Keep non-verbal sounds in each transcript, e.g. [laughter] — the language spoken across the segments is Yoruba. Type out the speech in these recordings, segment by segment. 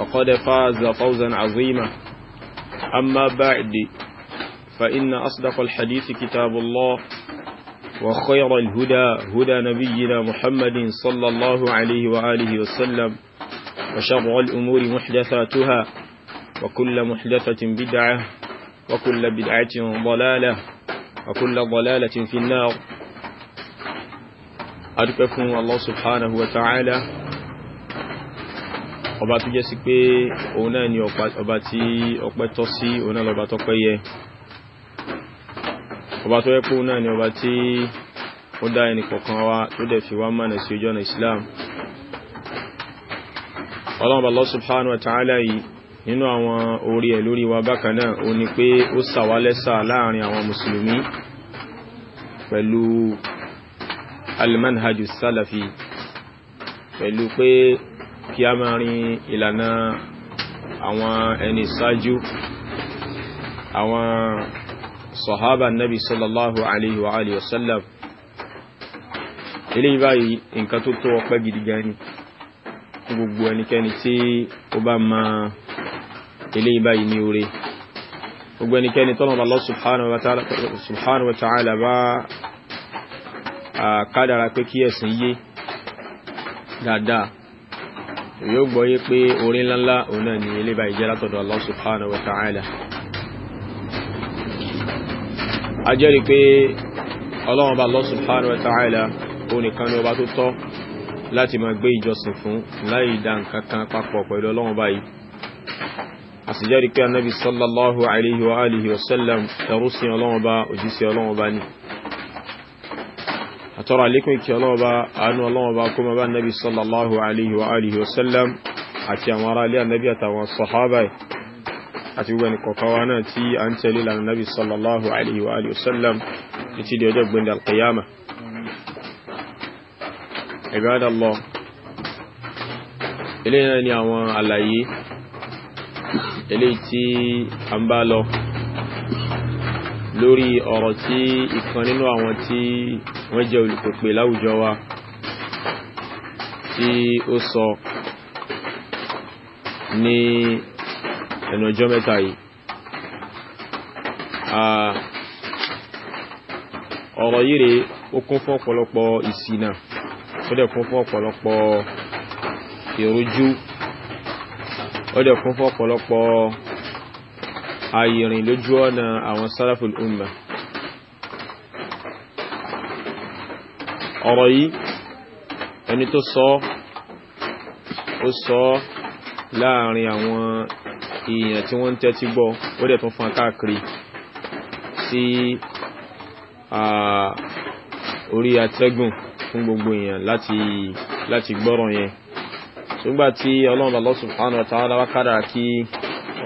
فقد فاز فوزا عظيما أما بعد فإن أصدق الحديث كتاب الله وخير الهدى هدى نبينا محمد صلى الله عليه وآله وسلم وشرع الأمور محدثاتها وكل محدثة بدعة وكل بدعة ضلالة وكل ضلالة في النار أرككم الله سبحانه وتعالى ọba tó jẹ́ sí pé òun náà ni ọba tí ọpẹ́ tọ́ sí òun náà lọ́ba tọ́pẹ́ yẹ ọba tó yẹ pé òun náà ni ọba tí ó dá ẹni kọ̀kan wa tó dẹ̀ fi wá mọ̀nà sí ojú ọ̀nà Islam ọlọ́run Allah subhanahu wa ta'ala yìí nínú àwọn orí ẹ̀ lórí wa bákan náà ó ní pé ó sàwálẹ́sà salafi pẹ̀lú pé kí a máa rin ìlànà àwọn ẹni sáájú àwọn sọ̀hábà nabi sallallahu alaihi wa alihi wasallam ilé ìbáyìí nǹkan tó tó ọpẹ́ gidi gan ni gbogbo ẹnikẹ́ni tí ó bá ma ilé ìbáyìí ní orí gbogbo ẹnikẹ́ni tọ́nà Allah subhanahu wa ta'ala bá a kádàrà pé kíyẹ̀sìn yé dáadáa yóò gbọ́yé pé orí ńláńlá òun náà ni ilé bá ìjẹ́ látọ̀dọ̀ Allah subhanahu wa ta'ala a jẹ́rìí pé ọlọ́run bá Allah subhanahu wa ta'ala òun nìkan ni ọba tó tọ́ láti máa gbé ìjọsìn fún láì dá nǹkan kan papọ̀ pẹ̀lú ọlọ́run báyìí àtọ́rọ àlékún ìkẹ́ ọlọ́ọ̀bá àánú ọlọ́ọ̀bá kó ma bá nabi sallallahu alaihi wa alihi wasallam àti àwọn ará ilé annabi àtàwọn sọ̀hábà àti gbogbo ẹnikọ̀kọ́wà náà tí a ń tẹ̀lé lànà nabi sallallahu alaihi wa alihi wasallam títí di ọjọ́ gbẹ̀ndẹ̀ alkiyama ibadallah ilé náà lórí ọ̀rọ̀ tí ìkan nínú àwọn tí wọ́n jẹ́ olùpèpè láwùjọ wa tí ó sọ ní ẹnu ọjọ́ mẹ́ta yìí ọ̀rọ̀ yìí rèé ó kún fún ọ̀pọ̀lọpọ̀ ìṣìnà ó dẹ̀ kún fún ọ̀pọ̀lọpọ̀ ìrújú ó dẹ̀ kún fún ọ̀pọ̀lọpọ̀ àìrìn lójú ọ̀nà àwọn sáràfùl umma ọ̀rọ̀ yìí ẹni tó sọ ó sọ láàrin àwọn èèyàn tí wọ́n ń tẹ́tí gbọ́ ó dẹ̀ tún fún káàkiri sí orí atẹ́gùn fún gbogbo èèyàn láti láti gbọ́rọ̀ yẹn ṣùgbà tí ọlọ́run Allah subhanahu wa ta'ala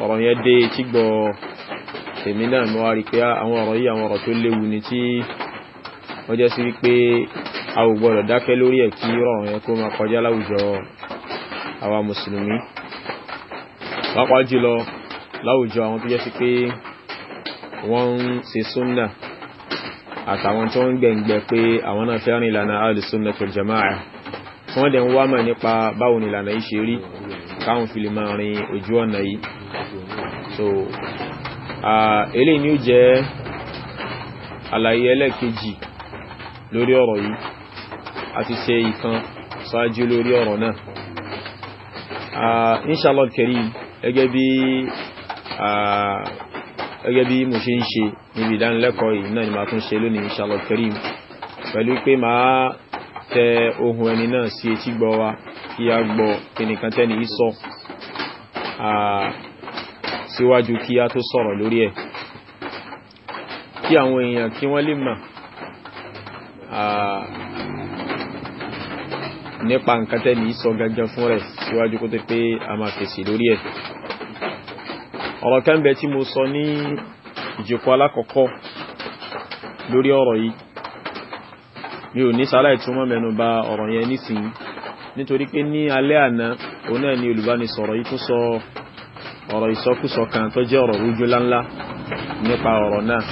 ọ̀rọ̀ yẹn dé tí gbọ́ èmi náà mọ́ wá rí pé àwọn ọ̀rọ̀ yìí àwọn ọ̀rọ̀ tó léwu ni tí wọ́n jẹ́ sí wípé a ò gbọ́dọ̀ dákẹ́ lórí ẹ̀ kí rọrùn yẹn kó máa kọjá láwùjọ àwa mùsùlùmí pàápàá jùlọ láwùjọ àwọn tó jẹ́ sí pé wọ́n ń ṣe súnnà àtàwọn tó ń gbẹ̀ngbẹ̀ pé àwọn náà fẹ́ràn ìlànà alìsúnnà tó jama'a tí wọ́n dẹ̀ ń wámà nípa báwo ìlànà yìí rí káwọn fi lè máa rin ojú ọ̀nà yìí so eléyìí ni ó jẹ́ àlàyé ẹlẹ́ẹ̀kejì lórí ọ̀rọ̀ yìí àti ṣe ìkan ṣáájú lórí ọ̀rọ̀ náà inshallah karim gẹ́gẹ́ bí gẹ́gẹ́ bí mo ṣe ń ṣe níbi ìdánilẹ́kọ̀ọ́ yìí náà ni máa tún ṣe lónìí inshallah karim pẹ̀lú pé máa tẹ ohun ẹni náà sí etí gbọ́ wa kí a gbọ́ kìnìkan tẹ́ni ìsọ síwájú kí a tó sọ̀rọ̀ lórí ẹ̀ kí àwọn èèyàn kí wọ́n lè mọ̀ nípa nǹkan tẹ́ni sọ gangan fún rẹ̀ síwájú kó tó pé a máa fèsì lórí ẹ̀ ọ̀rọ̀ kan bẹ tí mo sọ ní ìjòkó alákọ̀ọ́kọ́ lórí ọ̀rọ̀ yìí mi ò ní sáláì tó mọ́ mẹ́nu bà ọ̀rọ̀ yẹn nísìnyí nítorí pé ní alẹ́ àná òun náà ni olùbánisọ̀rọ̀ yìí tún sọ ọ̀rọ̀ ìsọkúsọ kan tó jẹ́ ọ̀rọ̀ rújú láńlá nípa ọ̀rọ̀ náà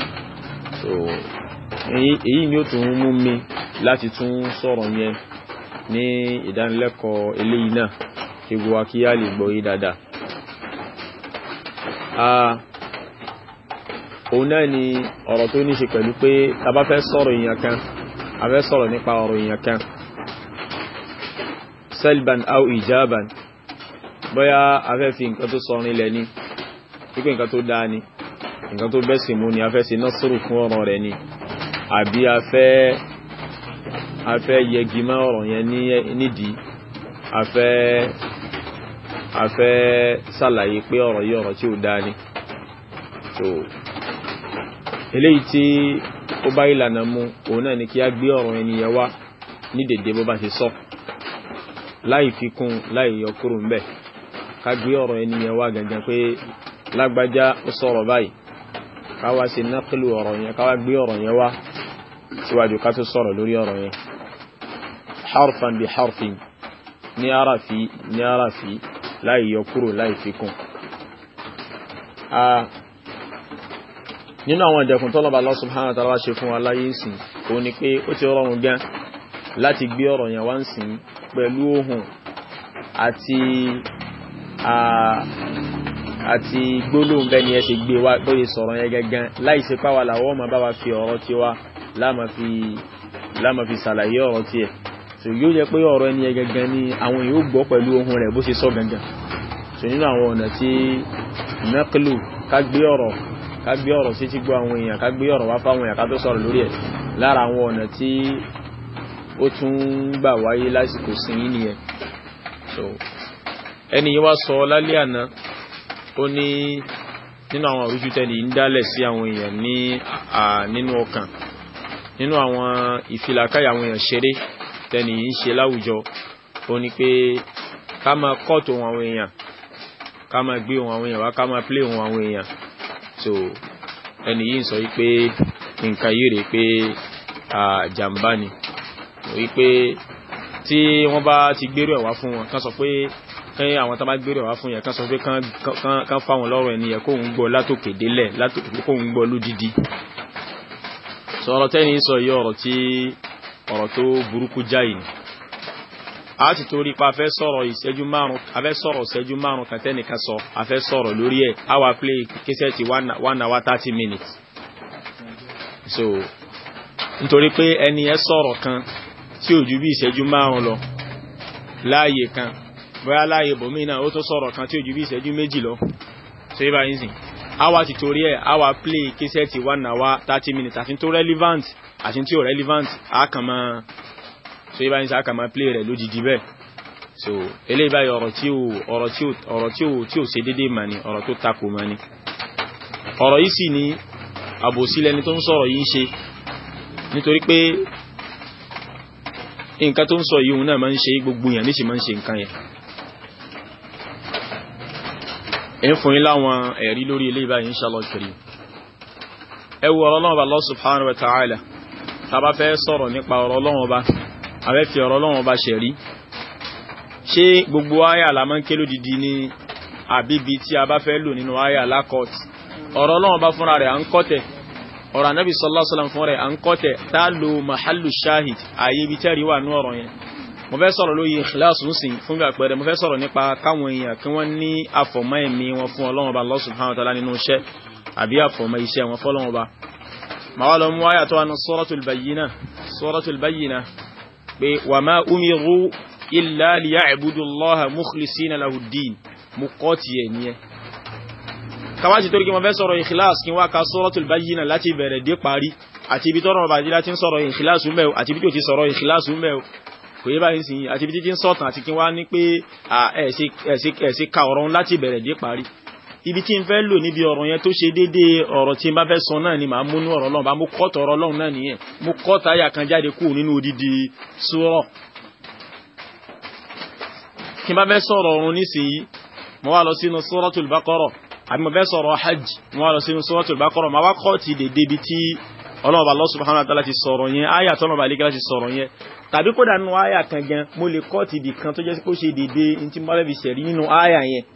èyí ni ó tún mú mi láti tún sọ̀rọ̀ yẹn ní ìdánilẹ́kọ̀ọ́ eléyìí náà kí gbogbo wa kí á lè gbọ́ yí dáadáa. òun náà ni ọ̀rọ̀ tó ní ṣe pẹ̀lú pé tá bá èèyàn kan a fẹ́ nípa ọ̀rọ̀ èèyàn kan selban au ijaban bóyá a fẹ́ fi nǹkan tó sọ rinlẹ̀ ni wípé nǹkan tó dáa ni nǹkan tó bẹ́sìn mú ni a fẹ́ ṣe násùrù fún ọ̀rọ̀ rẹ̀ ni àbí a a fẹ́ yẹgi mọ́ ọ̀rọ̀ yẹn nídìí a fẹ́ a fẹ́ ṣàlàyé pé ọ̀rọ̀ yìí ọ̀rọ̀ so eléyìí tí ó bá ìlànà mu òun náà ni kí a gbé ọ̀rọ̀ ẹniyẹn wá ní dèdè bó bá ṣe sọ láì fi kún láì yọ kúrò ń bẹ̀ ká gbé ọ̀rọ̀ ẹniyẹn wá gangan pé lágbájá ó sọ̀rọ̀ báyìí ká wá ṣe nákìlù ọ̀rọ̀ yẹn ká wá gbé ọ̀rọ̀ yẹn wá síwájú ká tó sọ̀rọ̀ lórí ọ̀rọ̀ yẹn harfan bi harfin ní arafi ní arafi láì yọ kúrò láì fikún nínú àwọn ìdẹ̀kùn tọ́lọ́bà Allah subhanahu wa ta'ala ṣe fún wa láyé ìsìn o ní pé ó ti rọrùn gan láti gbé ọ̀rọ̀ yẹn wá ń sìn pẹ̀lú ohun àti àti gbólóhùn bẹ́ẹ̀ ni ẹ ṣe gbé wá tó yẹ sọ̀rọ̀ yẹn gangan láìsí páwà làwọ́ ọmọ bá wa fi ọ̀rọ̀ tiwa láàmà fi ṣàlàyé ọ̀rọ̀ tiẹ̀ so yóò jẹ́ pé ọ̀rọ̀ ẹni yẹn gangan ni àwọn èèyàn ó gbọ́ pẹ̀lú ohun rẹ̀ bó ṣe sọ gangan so nínú àwọn ọ̀nà tí naqlu ká gbé ọ̀rọ̀ ká gbé ọ̀rọ̀ sí ti gbọ́ àwọn èèyàn ká gbé ọ̀rọ̀ wá fáwọn èèyàn ká tó sọ̀rọ̀ lórí ẹ̀ lára àwọn ọ̀nà tí ó tún gbà wáyé lásìkò sí yín nìyẹn so ẹni yìí wá sọ lálẹ́ àná ó ní nínú àwọn àrújú tẹ́lẹ̀ ń dálẹ̀ sí àwọn èèyàn ní nínú ọkàn nínú àwọn ìfìlàkàyà àwọn èèyàn ṣeré tẹ́ni yìí ń ṣe láwùjọ ó ní pé ká máa kọ́ọ̀tù ohun àwọn èèyàn ká máa gbé ohun àwọn èèyàn wá ká máa plé ohun àwọn èèyàn so ẹni yìí ń sọ wípé nǹkan yìí rèé pé àjàmbá ni wípé tí wọ́n bá ti gbérò ẹ̀ wá fún wọn kán sọ pé kẹ́yìn àwọn tó bá gbérò ẹ̀ wá fún yẹn kán sọ pé kán fáwọn lọ́rọ̀ ẹni yẹn kóun gbọ́ látòkè délẹ̀ kóun gbọ́ lódìdí sọ̀rọ̀ tẹ́ni sọ yìí ọ̀rọ̀ tí ọ̀rọ̀ tó burúkú jáì ni a ti torí pa afẹ́ sọ̀rọ̀ ìṣẹ́jú márùn afẹ́ sọ̀rọ̀ ìṣẹ́jú márùn kàtẹ́nìkan sọ afẹ́ sọ̀rọ̀ lórí ẹ̀ a wá play kẹsẹ̀tì one hour thirty minutes so nítorí pé ẹni ẹ sọ̀rọ̀ kan tí ò ju bí ìṣẹ́jú márùn lọ láàyè kan bóyá láàyè bòmínà ó tó sọ̀rọ̀ kan tí ò ju bí ìṣẹ́jú méjì lọ ṣe bá yín sìn a ti torí ẹ̀ a wá play kẹsẹ̀tì one hour thirty minutes àti tó relevant àti ò relevant àkànmọ́ so ibáyìí sí àkànmọ́ play rẹ̀ lójijì bẹ́ẹ̀ so eléyìí báyìí ọ̀rọ̀ tí ò ọ̀rọ̀ tí ò ọ̀rọ̀ tí ò tí ò ṣe déédéé mà ní ọ̀rọ̀ tó takò mà ní ọ̀rọ̀ yìí sì ni àbòsí lẹni tó ń sọ̀rọ̀ yìí ń ṣe nítorí pé nǹkan tó ń sọ yìí òun náà máa ń ṣe gbogbo èèyàn níṣì máa ń ṣe nǹkan yẹn ẹ ń fún yín láwọn ẹ̀rí lórí eléyìí báyìí inshallah kiri ẹ wo ọ̀rọ̀ náà bá Allah subhanahu wa ta'ala tàbá fẹ́ sọ̀rọ̀ nípa ọ̀rọ̀ Ọlọ́run ọba àbẹ́ fi ọ̀rọ̀ Ọlọ́run ọba ṣẹ̀rí ṣé gbogbo àyà làmọ́ ń ké lódìdí ní àbíbi tí a bá fẹ́ lò nínú àyà lákọ̀t ọ̀rọ̀ Ọlọ́run ọba fúnra rẹ̀ à ń kọ́tẹ̀ ọ̀rọ̀ anábì sallallahu alaihi rẹ̀ à ń kọ́tẹ̀ tá a lo mahalu shahid àyè ibi tẹ́rì wà ní ọ̀rọ̀ yẹn mo fẹ́ sọ̀rọ̀ lóye ìkìláàsù ń sìn fún àpẹẹrẹ mo fẹ́ sọ̀rọ̀ nípa káwọn èèyàn kí wọ́n ní àfọ̀mọ́ ẹ̀mí wọn fún Ọlọ́run ọba Allah subhanahu wa nínú iṣẹ́ àbí àfọ̀mọ́ iṣẹ́ wọn fọ́lọ́run ọba màá lọ mú àyà tó wà ní suratul bayyina suratul bayyina pé wa ma umiru illa liya'budu allaha mukhlisina lahu ddin mú kọ́ tiẹ̀ nìyẹn kawáṣí torí kí wọ́n fẹ́ sọ̀rọ̀ ikhlas kí wọ́n ká suratul bayyina láti bẹ̀rẹ̀ dé parí àti ibi tọ́rọ̀ bàjí láti ń sọ̀rọ̀ ikhlas mẹ́wọ̀ àti ibi tí ò ti sọ̀rọ̀ ikhlas mẹ́wọ̀ kò yé báyìí sìn àti ibi títí ń sọ̀tàn àti kí wọ́n á ní pé ẹ̀sìn ká ọ̀rọ̀ láti bẹ̀rẹ̀ dé parí ibi tí n fẹ́ lò níbi ọ̀rọ̀ yẹn tó ṣe déédéé ọ̀rọ̀ tí n bá fẹ́ sọ náà ni màá múnú ọ̀rọ̀ Ọlọ́run bá mú kọ́ọ̀tù ọ̀rọ̀ Ọlọ́run náà nìyẹn mú kọ́ọ̀tù àyà kan jáde kúrò nínú odidi sùúrọ̀. tí n bá fẹ́ sọ̀rọ̀ ọ̀run nísìnyí mo wá lọ sínú Suratul Baqara àbí mo fẹ́ sọ̀rọ̀ hajj mo wá lọ sínú Suratul Baqara màá wá kọ́ọ̀tù dèdè ibi tí Ọlọ́run bá Allah subhanahu wa ta'ala sọ̀rọ̀ yẹn àyà tọ́lọ́run bá lẹ́kẹ́lá ti sọ̀rọ̀ yẹn tàbí kódà nínú àyà kan gan mo lè kọ́ọ̀tù ibì kan tó jẹ́ pé ó ṣe dèdè ní tí mo bá fẹ́ fi ṣẹ̀rí nínú àyà yẹn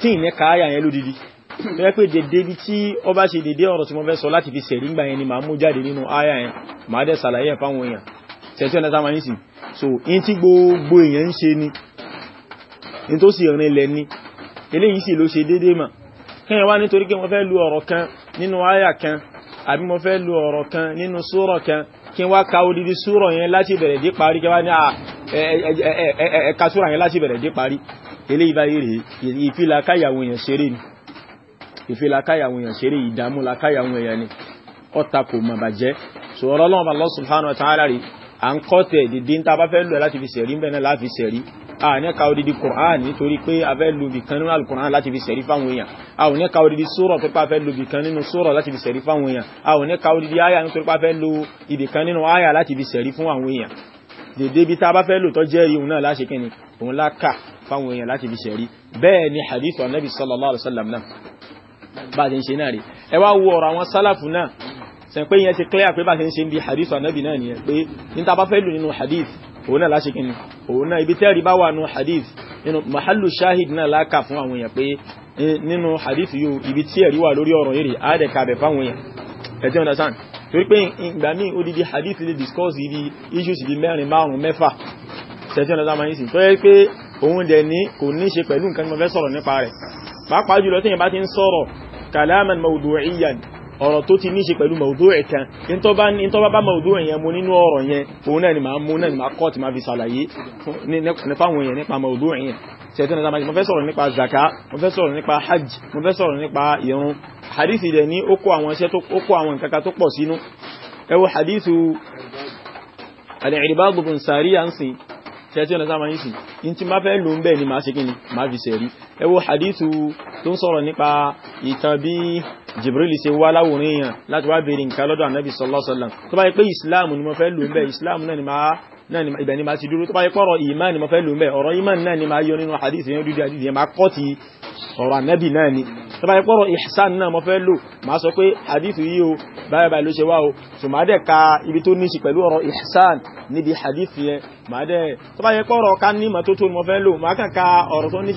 tí ìní káyà yẹn lódìdí tó yẹ pé dédé bí tí ó bá ṣe dédé ọ̀rọ̀ tí mo fẹ́ sọ láti fi sẹ̀rí ńgbà yẹn ni màá mú jáde nínú áyà yẹn màá dẹ̀ ṣàlàyé fáwọn èèyàn so in tí gbogbo èèyàn ń ṣe ni in tó sì rìn ilẹ̀ ni eléyìí sì ló ṣe dédé mà kẹ́yìn wá nítorí pé mo fẹ́ lu ọ̀rọ̀ kan nínú áyà kan àbí mo fẹ́ lu ọ̀rọ̀ kan nínú kí wá ka odidi súrọ̀ súrọ̀ yẹn láti bẹ̀rẹ̀ dé parí eléyìí báyìí rèé ìfìlà káyàwó èèyàn ṣeré ni ìfìlà èèyàn ṣeré ìdààmú la èèyàn ni ọ̀tà kò mọ̀ bàjẹ́ sọ̀rọ̀ ọlọ́run Allah subhanahu wa ta'ala rèé à ń kọ́ tẹ̀ dìde ń ta bá fẹ́ lù ẹ́ láti fi sẹ̀rí ń bẹ̀ náà láti fi sẹ̀rí a ní ka odidi Qur'an nítorí pé a fẹ́ lu bìkan nínú alukur'an láti fi sẹ̀rí fáwọn èèyàn a ò ní ka odidi sura tó pa fẹ́ lu bìkan nínú sura láti fi sẹ̀rí fáwọn èèyàn a ò ní ka odidi aya nítorí pa fẹ́ lu ibìkan nínú aya láti fi sẹ̀rí fún àwọn èèyàn dèdè bí ta bá fẹ́ lò tó jẹ́rìí náà láṣekẹ́ni òun lá kà fáwọn èèyàn láti fi ṣẹ̀rí bẹ́ẹ̀ ni hadith anabi sallallahu alaihi wasallam náà bá a ti ń ṣe náà rí ẹ wá wo ọ̀rọ̀ àwọn sálàfù náà sẹ pé yẹn ti clear pé bá a ti ń ṣe ń bi hadith anabi náà nìyẹn pé ní ta bá fẹ́ lù nínú hadith òun náà láṣẹ kìíní òun náà ibi tẹ́rì bá wà nínú hadith nínú mahalu shahid náà láka fún àwọn èèyàn pé eh, nínú tí ẹ̀rí wà lórí ọ̀rọ̀ yìí á fáwọn èèyàn ẹ ti torí pé ìgbà míì odidi hadith lè discuss ibi issues ibi mẹ́rin márùn-ún mẹ́fà ṣe ti máa ń sìn tó yẹ pé òun dẹ̀ ní kò ní ṣe pẹ̀lú nǹkan mọ́fẹ́ sọ̀rọ̀ nípa rẹ̀ pàápàá jùlọ tí yẹn bá ti ń sọ̀rọ̀ kalaman mawdu'iyan ọ̀rọ̀ tó ti ní ṣe pẹ̀lú mawdu'i kan in tó bá bá mawdu'i yẹn mú nínú ọ̀rọ̀ yẹn òun náà ni máa mú náà ni máa kọ́ ti máa fi ṣàlàyé nípàwọn yẹn nípa mawdu'i yẹn sẹ́tẹ̀nà tàbí mo fẹ́ sọ̀rọ̀ nípa zaka mo tẹ́tí ọ̀nà sáà máa yìí sí in tí máa fẹ́ lò ń bẹ̀ ni máa ṣe kí ni máa fi sẹ̀rí ẹ hadithu tó ń sọ̀rọ̀ nípa ìtàn bí Jibril ṣe wá láwòrán èèyàn láti wá béèrè nǹkan lọ́dọ̀ Ànábì ni mo náà ni ibẹ̀ ni máa ti dúró tó bá yẹ pọ̀rọ̀ ìmán ni mo fẹ́ lò mẹ́ ọ̀rọ̀ ìmán náà ni máa yọ nínú hadith yẹn dúdú àdìdì yẹn máa kọ́ ti ọ̀rọ̀ ànábì náà ni tó bá yẹ pọ̀rọ̀ ihsan náà mo fẹ́ lò máa sọ pé hadith yìí o báyìí báyìí ló ṣe wá o tó máa dẹ̀ ka ibi tó ní ṣe pẹ̀lú ọ̀rọ̀ ihsan níbi hadith yẹn máa dẹ̀ tó bá yẹ pọ̀rọ̀ ká ní mọ̀ tó tó mo fẹ́ lò máa kàn ka ọ̀rọ̀ tó ní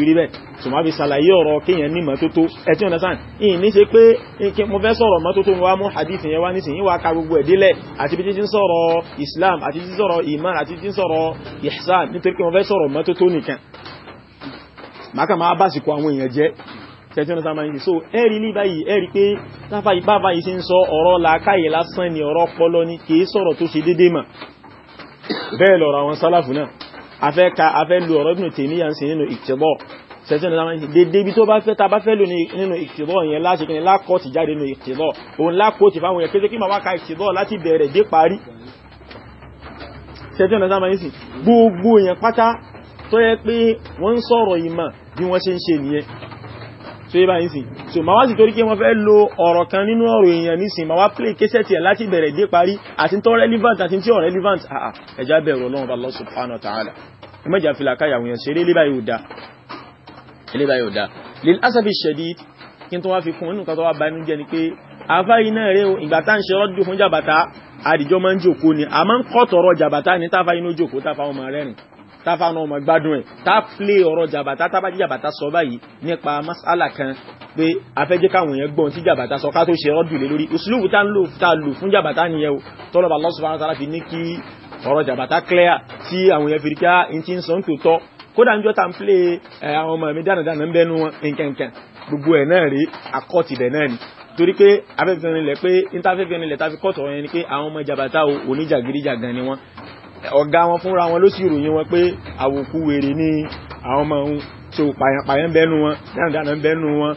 bí Jibril lórí ọ̀rọ̀ kéèyàn ní mọ́tótó ẹ̀tí ọ̀nà sáà ìyìn ní ṣe pé mo fẹ́ sọ̀rọ̀ mọ́tótó wa mú hadith yẹn wá nísìnyí wá ka gbogbo ẹ̀dílẹ̀ àti bí títí ń sọ̀rọ̀ Islam àti títí sọ̀rọ̀ iman àti títí sọ̀rọ̀ ihsan nítorí pé mo fẹ́ sọ̀rọ̀ mọ́tótó nìkan màkà máa bá sìkò àwọn èèyàn jẹ́ tẹ̀tí ọ̀nà sáà so ẹ̀rí ní báyìí ẹ̀rí pé táfà ìbáfà yìí ṣe ń sọ ọ̀rọ̀ làákàyè lásán ni ọ̀rọ̀ ọpọlọ ni kì sọ̀rọ̀ tó ṣe déédéé mà bẹ́ẹ̀ lọ̀rọ̀ àwọn sálàfù náà afẹ́ ka afẹ́ lu ọ̀rọ̀ Ibn Taymiyyah ń nínú ìtẹ́bọ̀ tẹ̀sán ìlànà ìsìn dédé ibi tó bá fẹ́ ta bá fẹ́ lò nínú ìtìbọ̀ yẹn láti kí ni lákọ̀tì jáde nínú ìtìbọ̀ òun lákòtì fáwọn yẹn kété kí màá wá ka ìtìbọ̀ láti bẹ̀rẹ̀ dé parí tẹ̀sán ìlànà ìsìn gbogbo yẹn pátá tó yẹ pé wọ́n ń sọ̀rọ̀ ìmọ̀ bí wọ́n ṣe ń ṣe nìyẹn tó yẹ báyìí sìn so màá wá sì torí kí wọ́n fẹ́ lo ọ̀rọ̀ kan nínú ọ̀rọ̀ èèyàn nísìn màá wá play késẹ̀ tiẹ̀ láti bẹ̀rẹ̀ dé parí àti tó relevant àti tí ò relevant ẹ̀já bẹ̀rù ọlọ́run bá Allah subhanahu wa ta'ala ẹ mẹ́jà fìlà káyàwó yẹn ṣeré lébàá yóò dáa ilé báyìí ò dáa lil asafi shadid kí n tó wá fi kún nínú kan tó wá ba inú jẹ́ ni pé afáyí náà rẹ ìgbà tá ń ṣe rọ́dù fún jàbàtà àdìjọ máa ń jòkó ni a máa ń kọ́ tọ̀rọ̀ jàbàtà ní táfà inú jòkó táfà ọmọ rẹ́rìn táfà náà ọmọ gbádùn ẹ̀ tá plé ọ̀rọ̀ jàbàtà tábàjí jàbàtà sọ báyìí nípa masala kan pé afẹ́jẹ́ káwọn èèyàn gbọ́n tí jàbàtà sọ ká tó ṣe rọ́dù lé lórí òṣìlúwù tá ń lò tá lò clear tí àwọn èèyàn fi rí ká ah, n ti ń sọ ń tòótọ́ kódà ń jọ tá n plé àwọn ọmọ mi dánadáná ń bẹnu wọn nkankan gbogbo ẹ̀ náà rí àkọ́ọ̀tì bẹ̀ náà ni torí pé afẹ́fẹ́ rinlẹ̀ pé ntafẹ́fẹ́ rinlẹ̀ tá fi kọ́ọ̀tù ọ̀rọ̀ ni pé àwọn ọmọ jàbátà oníjàgídíjàgan ni wọ́n ọ̀gá wọn fúnra wọn ló sì ròyìn wọn pé àwòkú wèrè ní àwọn ọmọ òun so pàyànpàyàn ń bẹnu wọn dánadáná ń bẹnu wọn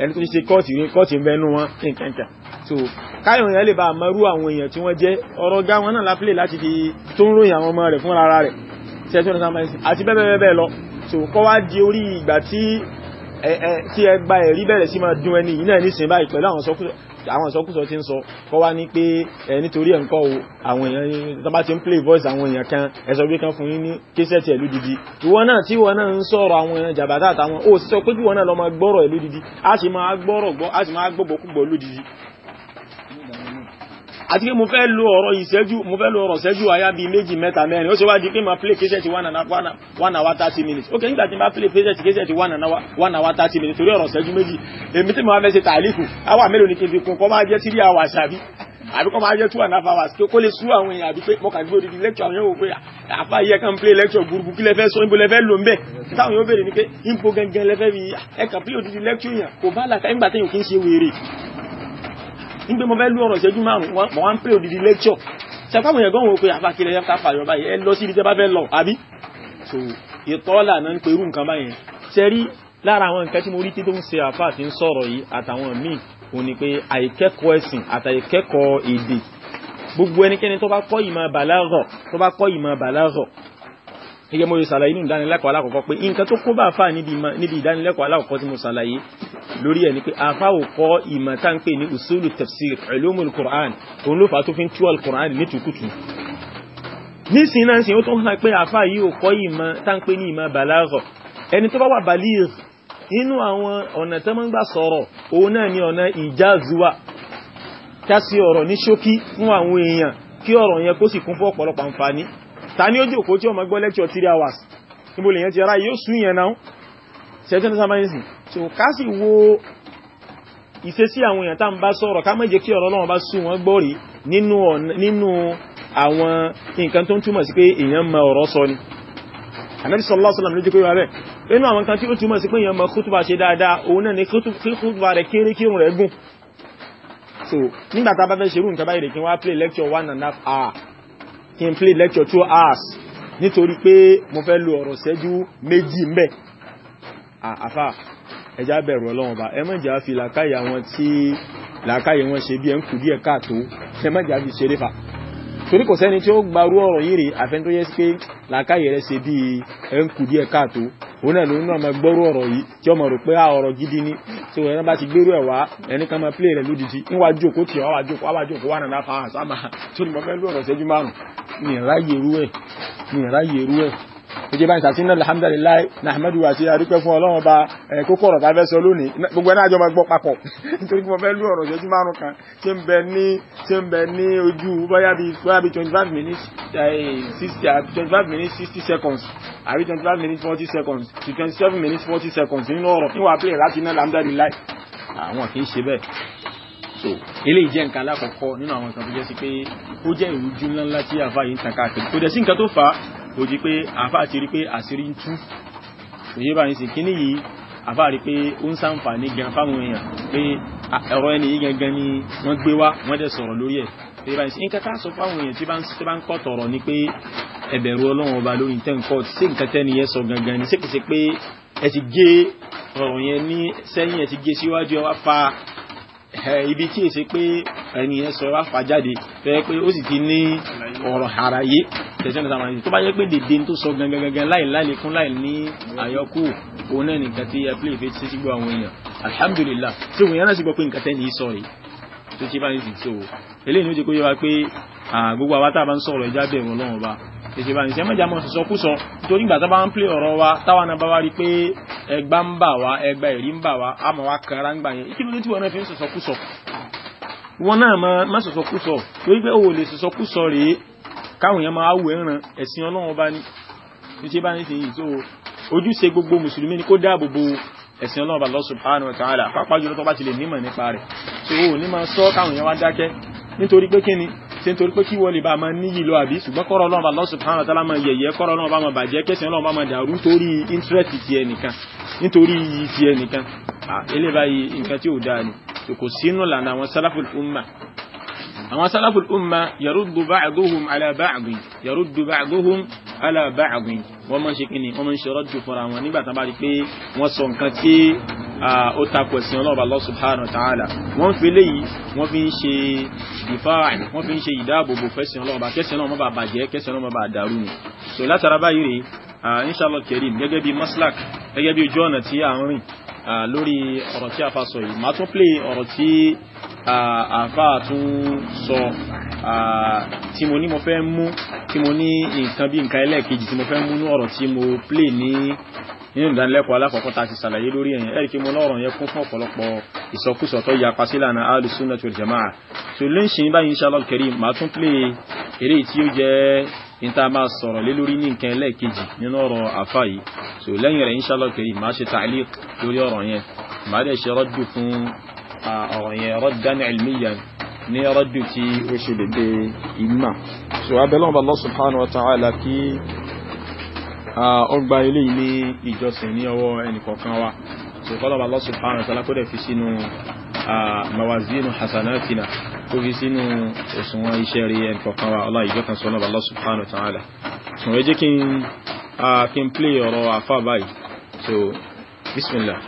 ẹni tó ṣe kọ́ọ̀tì rí kọ́ọ̀tì ń bẹnu wọn nkankan so káyọ̀ yẹn lè ba àmọ́rú àwọn èèyàn tí wọ́n jẹ́ ọ̀rọ̀ ọ̀gá wọn náà lápìlẹ̀ láti fi tó ń ròyìn àwọn ọmọ rẹ̀ fúnra rẹ̀ sẹ́tún sáàmà ìsìn àti bẹ́ẹ̀bẹ́ẹ̀ lọ so kọ́ wá di orí ìgbà tí ẹ gba ẹ̀rí bẹ̀rẹ̀ sí máa dún ẹni yìí náà nísìn báyìí pẹ̀lú àwọn ìsọkúsọ tí ń sọ kọ́ wá ní pé ẹ nítorí ẹ̀ ń kọ́ àwọn èèyàn tó bá ti ń play voice àwọn èèyàn kan ẹ sọ pé kan fún yín ní késẹ̀tì ẹ̀lú didi ìwọ náà tí ìwọ náà ń sọ̀rọ̀ àwọn èèyàn jàbátà àtàwọn ó sọ pé kí ìwọ náà lọ máa gbọ́rọ̀ ẹ̀lú didi a sì máa àti pé mo fẹ́ lo ọ̀rọ̀ ìṣẹ́jú mo fẹ́ lo ọ̀rọ̀ ìṣẹ́jú àyà bíi méjì mẹ́ta mẹ́rin ó ṣe wá di pé máa play cassette one and one hour thirty minutes ok nígbà tí n bá play cassette cassette one and one hour thirty minutes torí ọ̀rọ̀ ìṣẹ́jú méjì èmi tí mo máa fẹ́ ṣe tàlíkù awa mélòó ni kí n fi kún kọ́ máa jẹ́ three hours àbí àbí kọ́ máa jẹ́ two and a half hours kí kó lè sú àwọn èèyàn àbí pé mo kàn gbé odidi lecture àwọn yẹn wò pé àfa yẹ kàn play lecture gbùrùgbù kí lẹ fẹ́ sọ níbo lẹ fẹ́ lò ń bẹ̀ táwọn yóò béèrè ni pé níbo gangan lẹ fẹ́ fi ẹ kàn play odidi lecture yẹn kò bá làkà nígbà téèyàn kì í ṣe wèrè nígbé mo fẹ́ lú ọ̀rọ̀ ìṣẹ́jú márùn mọ̀ wá ń pè òdìdí lẹ́kṣọ̀ ṣàpáwọn èèyàn gọ́wọ́ pé àfàkìlẹ̀ yẹn káfà yọba yìí ẹ lọ sí ibi tẹ́ bá fẹ́ lọ àbí so ìtọ́là náà ń pe irú nǹkan báyẹn ṣe rí lára àwọn nǹkan tí mo rí títún ṣe àfà àti ń sọ̀rọ̀ yìí àtàwọn míì òun ni pé àìkẹ́kọ̀ọ́ ẹ̀sìn àtàìkẹ́kọ̀ọ́ èdè gbogbo ẹnikẹ́ni tó bá kọ́ ìmọ̀ bàlárọ̀ tó bá kọ́ ìmọ̀ bàlárọ̀ gẹ́gẹ́ mo ṣàlàyé nínú ìdánilẹ́kọ̀ọ́ alákọ̀ọ́kọ́ pé nǹkan tó kó bá àfà níbi ìdánilẹ́kọ̀ọ́ alákọ̀ọ́kọ́ tí mo ṣàlàyé lórí ẹ̀ ni pé àfà ò kọ́ ní usulu tafsir ulumul quran òun ló fà tó fi ń tú alukur'an ní tukutu nísìnyí náà sìn ó tó ń hàn pé àfà yìí ò kọ́ ìmọ̀ tá ń pè ní ìmọ̀ balagha ẹni tó bá ni ọ̀nà ìjáàzúwà ká sí ọ̀rọ̀ ní ṣókí fún àwọn èèyàn kí ọ̀rọ̀ yẹn kó sì kún fún ọ̀pọ̀lọpọ̀ àǹfààní ta ni ó jòkó tí ó ma gbọ́ lecture three hours níbo lèyàn ti ara yóò sún yẹn náà ṣẹ́tẹ́ sámáyẹ̀sì so ká sì wo ìṣesí àwọn èèyàn tá ń bá sọ̀rọ̀ ká má jẹ́ kí ọ̀rọ̀ náà bá sún wọn gbọ́ rí nínú àwọn nǹkan tó ń sallallahu alaihi wasallam ló jẹ́ pé wà bẹ́ẹ̀ nínú àwọn kan tí ó túmọ̀ sí pé èèyàn kútùbà ṣe dáadáa òun náà ni kútùbà rẹ̀ kéré kírun rẹ̀ gùn so nígbà tá a bá fẹ́ ṣerú nǹkan báyìí rè kí wọ́n play lecture one and a half hour kí n play lecture two hours nítorí pé mo fẹ́ lo ọ̀rọ̀ ṣẹ́jú méjì ń bẹ̀ àfà ẹjá bẹ̀rù ọlọ́run bá ẹ mọ̀já fi làákàyè àwọn tí làákàyè wọn ṣe bí ẹ ń kù díẹ̀ káàtó ẹ mọ̀já fi ṣeré fà torí kò sẹ́ni tí ó gbarú ọ̀rọ̀ yìí rè àfẹn tó yẹ sí pé làákàyè rẹ̀ ṣe bíi ẹ̀ díẹ̀ káàtó òun náà lóun náà máa gbọ́rú ọ̀rọ̀ yìí tí ọmọ rò pé a ọ̀rọ̀ gidi ni tí wọn bá ti gbérú ẹ̀ wá ẹni kan máa pílẹ̀ rẹ̀ lódìdí níwá jókòó tí wàá jókòó wàá jókòó wàá nàdá fa àsámà tó ní mo fẹ́ lú ọ̀rọ̀ ṣẹ́jú márùn-ún mi ìráyè irú ẹ̀ mi ìráyè irú ẹ̀ ìjẹ báyìí sàtínà alhamdulilayi nahmadu àti àdúpẹ́ fún ọlọ́run bá eh, kókó ọ̀rọ̀ tá a fẹ́ sọ lónìí gbogbo ẹ̀nà àjọ máa gbọ́ papọ̀ [laughs] nítorí pé mo fẹ́ lú ọ̀rọ̀ ìṣẹ́jú márùn kan tí ń bẹ ní tí ń bẹ ní ojú bóyá bíi bóyá bíi twenty five minutes eh, sixty twenty five minutes sixty seconds àbí twenty five minutes forty seconds to twenty seven minutes forty seconds nínú ọ̀rọ̀ níwà pé sàtínà alhamdulilayi àwọn kì í ṣe bẹ́ẹ̀ so eléyìí jẹ́ nǹkan alákọ̀ọ́kọ́ nínú àwọn nǹkan tó jẹ́ sí pé ó jẹ́ ìrújú ńláńlá tí àfáà yìí ń tàn káàkiri kò dẹ̀ sí nǹkan tó fà á ó di pé àfáà ti rí pé àṣírí ń tú òye bá ń sìn kíní yìí àfáà rí pé ó ń sàǹfààní gan fáwọn èèyàn pé ọ̀rọ̀ ẹni yìí gangan ni wọ́n gbé wá wọ́n dẹ̀ sọ̀rọ̀ lórí ẹ̀ òye bá ń sìn nǹkan sọ fáwọn èèyàn tí bá ń kọ́ ni pé ẹ bẹ̀rù Ọlọ́run ọba lórí tẹ́ǹkọ́ sí nǹkan tẹ́ni yẹn sọ gangan ni ṣé kìí ṣe pé ẹ ti gé ọ̀rọ̀ yẹn ní sẹ́yìn ẹ ti gé síwájú ẹ wá fa ibi tí èsì pé ẹnìyẹn sọ ráfà jáde fẹ́ pé ó sì ti ní ọ̀rọ̀ àràyé tẹ̀sán náà sàmàlì tó bá yẹ pé dèdè tó sọ gangan láì láì fún láì ní àyọkù òun náà nìkan tí ẹ pílè fẹ́ sí gbọ́ àwọn èèyàn alhamdulillah tí òun yẹn náà sì gbọ́ pé nǹkan tẹ́ ní í sọ rèé tó ṣe bá ní sì so eléyìí ló jẹ́ kó yẹ wa pé gbogbo àwa tá a bá ń sọ̀rọ̀ ẹja bẹ̀rù ọlọ́run ọba èsì bá ní sẹ́ mọ́jà mọ́ sọ kú sọ nítorí ìgbà tó bá ń pè ọ̀rọ̀ wa táwa náà bá wá rí i pé ẹgbà ń bà wá ẹgbà ìrí ń bà wá a mọ̀ wá kanra ń gbà yẹn kí ló tí wọn náà fi ń sọ̀sọ̀ kú sọ. wọn náà má sọ̀sọ̀ kú sọ torí pé o lè sọ̀sọ̀ kú sọ rèé káwọn yẹn máa wù ẹ̀ràn ẹ̀sìn ọlọ́run ọba ní ṣe bá ní sìn yìí tó ojúṣe gbogbo mùsùlùmí ni kó dáàbò ẹ̀sìn ọlọ́ọ̀bà Allah subhanahu wa ta'ala pàápàá jùlọ tó bá ti lè nímọ̀ nípa rẹ̀ tí ó ní máa sọ káwọn yẹn wá dákẹ́ nítorí pé kíni tí nítorí pé kí wọ́n subhanahu wa ta'ala máa yẹ̀yẹ́ kọ́rọ̀ ọlọ́ọ̀bà máa bàjẹ́ kẹ́sìn ọlọ́ọ̀bà máa dàrú nítorí interest ti ẹnìkan nítorí iyì ti ẹnìkan eléyìí báyìí nǹkan tí ò dáa ni kò sínú àwọn sálàfù umma yaruddu ba'duhum ala ba'di yaruddu ba'duhum ala ba'di wọ́n máa ń ṣe kí ni wọ́n máa ń ṣe rọ́jù fúnra wọn nígbà tá a bá rí pé wọ́n sọ nǹkan tí ó takò ẹ̀sìn ọlọ́ọ̀bà Allah subhanahu wa ta'ala wọ́n fi léyìí wọ́n fi ń ṣe ìfáà wọ́n fi ń ṣe ìdáàbòbò fẹ́sìn ọlọ́ọ̀bà kẹsìn ọlọ́ọ̀bà bá bàjẹ́ kẹsìn ọlọ́ọ̀bà bá àfáà tún sọ tí mo ní mo fẹ́ mú tí mo ní nǹkan bí nǹkan ẹlẹ́ẹ̀kejì tí mo fẹ́ mú ní ọ̀rọ̀ tí mo play ní nínú ìdánilẹ́kọ̀ọ́ alákọ̀ọ́kọ́ ta ti sàlàyé lórí ẹ̀yìn ẹ̀rì kí mo lọ́rọ̀ yẹn kún fún ọ̀pọ̀lọpọ̀ ìsọkúsọ tó yapa sí lànà al-sunnah wal jama'a tó lè ń ṣe báyìí insha Allah al-karim màá tún plé eré tí ó jẹ́ níta máa sọ̀rọ̀ lé lórí ní nǹkan ẹlẹ́ẹ̀kejì nínú ọ̀rọ̀ àfá yìí tó lẹ́yìn rẹ̀ insha Allah al-karim màá ṣe ta'liq lórí ọ̀rọ̀ yẹn màá dẹ̀ ṣe rọ́dù fún ọ̀rọ̀ yẹn raddan ilmiyan ní rọ́dù tí ó ṣe dédé ìmá so abẹ́lọ́n bá Allah subhanahu wa ta'ala kí ọgbà ilé ní ìjọsìn ní ọwọ́ ẹnìkọ̀ọ̀kan wa so kọ́lọ̀ bá Allah subhanahu wa ta'ala kó dẹ̀ fi sínú mawazinu hasanatina kó fi sínú òṣùwọ̀n iṣẹ́ rí ẹnìkọ̀ọ̀kan wa ọlá ìjọ bismillah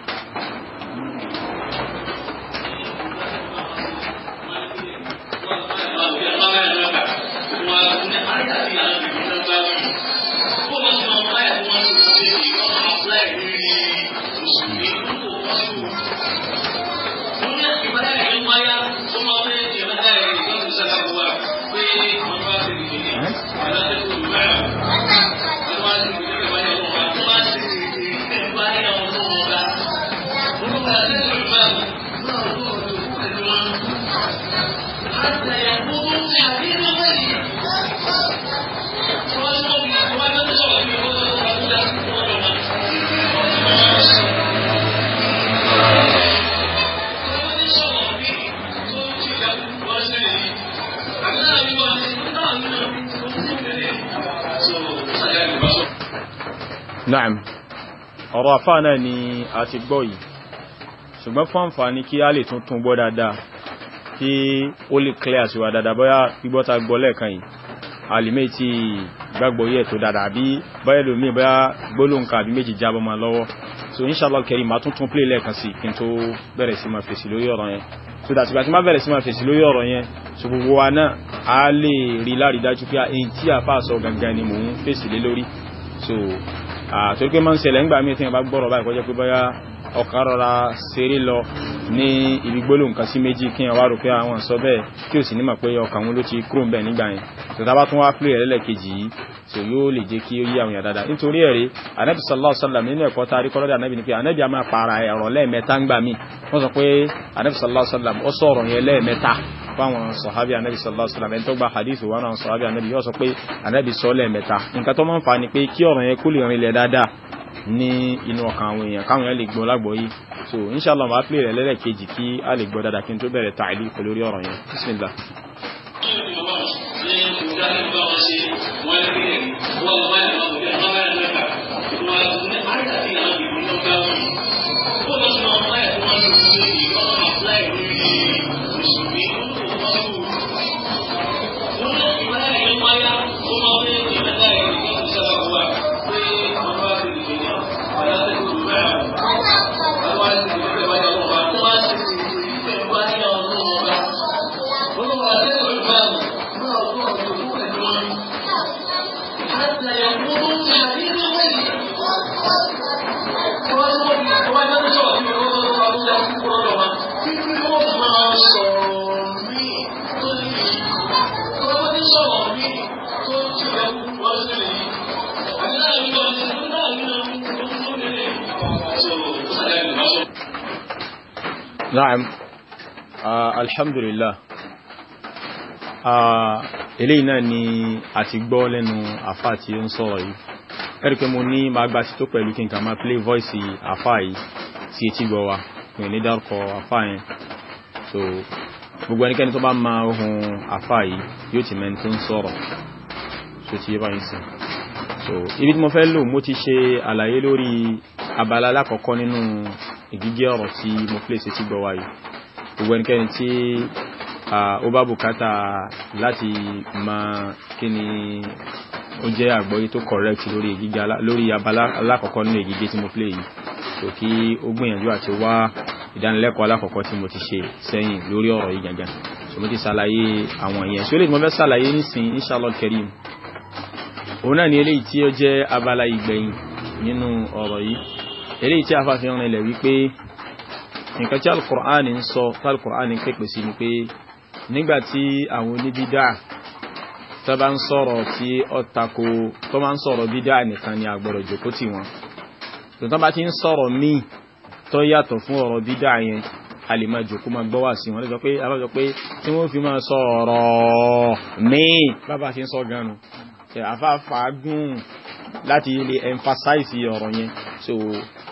Naam ọ̀rọ̀ àfá náà ni a ti gbọ́ yìí ṣùgbọ́n fún àǹfààní kí a lè tún tún gbọ́ dáadáa kí ó lè clear sí wa dáadáa bóyá gbígbọ́ta gbọ́ lẹ́ẹ̀kan yìí alìmé ti gbàgbọ́ yẹ̀ tó dáadáa bí báyẹ̀ lómi bóyá gbólóǹkà àbí méjì jábọ́ ma lọ́wọ́ so inshallah kẹrin ma tún tún play ni mò ń fèsì so Ah, torí pé máa ń ṣẹlẹ̀ ńgbà mí tí wọ́n bá gbọ́rọ̀ báyìí kọjá pé bóyá ọ̀kan rọra ṣeré lọ ní ibi gbólóhùn kan sí méjì kí wọ́n wá rò pé àwọn sọ bẹ́ẹ̀ tí ò sì ní mọ̀ pé ọkàn wọn ló ti kúrò ńbẹ̀ nígbà yẹn tòtá bá tún wá pè rẹ̀ lẹ́ẹ̀kejì yìí tó yóò lè jẹ́ kí ó yí àwọn èèyàn nítorí ẹ̀rí anabi sallallahu alaihi wasallam nínú ẹ̀kọ́ tá a rí kọ́lọ́dà anabi ni pé anabi a máa para ọ̀rọ̀ lẹ́ẹ̀mẹ́ta ń gbà mí wọ́n sọ pé anabi sallallahu alaihi wasallam ó sọ ọ̀rọ̀ yẹn lẹ́ẹ̀mẹ́ta fáwọn sọ̀hábí anábì sallallahu alaihi wasallam ẹni tó gba hadith wọn àwọn sọ̀hábí anábì yóò sọ pé anábì sọ lẹ́ẹ̀mẹ́ta nǹkan tó máa ń fa ni pé kí ọ̀rọ̀ yẹn kó lè rìn lẹ̀ dáadáa ní inú ọkàn àwọn èèyàn káwọn yẹn lè gbọ́ lágbọ́ yìí so inshallah máa pè rẹ̀ lẹ́lẹ́kejì kí a lè gbọ́ dáadáa kí n tó bẹ̀rẹ̀ tàìlì pẹ̀lú ọ̀rọ̀ yẹn bismillah. wọ́n rí ẹ̀ Naam. Uh, alhamdulillah. Uh, náà ni a ti gbọ́ lẹ́nu àfá tí ó ń sọ̀rọ̀ yìí. Ẹ̀rìkẹ́ mo ní máa gbá sí tó pẹ̀lú kí n kà máa play voice àfá yìí sí etí gbọ́ wa. Mi ní dárúkọ àfá yẹn. So, gbogbo ẹnikẹ́ni tó bá ma ohun àfá yìí yóò ti mẹ́ni So, ti yé báyìí sí. So, ibi tí ìgígẹ́ ọ̀rọ̀ tí mo plẹ̀ sí ti gbọ́ wáyé gbogbo ẹnikẹ́ni tí ó bá bùkátà láti ma kí ni ó jẹ́ àgbọ́yé tó correct lórí ìgígẹ́ lórí abala alákọ̀ọ́kọ́ nínú ìgígẹ́ tí mo plẹ̀ yìí kò kí ó gbìyànjú àti wá ìdánilẹ́kọ̀ọ́ alákọ̀ọ́kọ́ tí mo ti ṣe sẹ́yìn lórí ọ̀rọ̀ yìí gangan so mo ti ṣàlàyé àwọn ìyẹn so eléyìí mo fẹ́ ṣàlàyé nísìn inshallah kerim òun náà ni eléyìí tí ó jẹ́ abala ìgbẹ̀yìn nínú ọ̀rọ̀ yìí eléyìí tí afa fi hàn ilẹ̀ wípé nǹkan tí Quran ń sọ alukur'an ń pèpè sí ni pé nígbà tí àwọn oníbídà tó bá ń sọ̀rọ̀ tí ó tako tó máa ń sọ̀rọ̀ bídà nìkan ni àgbọ̀rọ̀ jòkó tì wọ́n tó tán bá ti ń sọ̀rọ̀ míì tó yàtọ̀ fún ọ̀rọ̀ bídà yẹn a lè máa jòkó máa gbọ́ wá sí wọn lọ́jọ́ pé tí wọ́n fi máa sọ ọ̀rọ̀ míì ti ń sọ ganu àfáàfáà gùn láti lè emphasize ọ̀rọ̀ yẹn so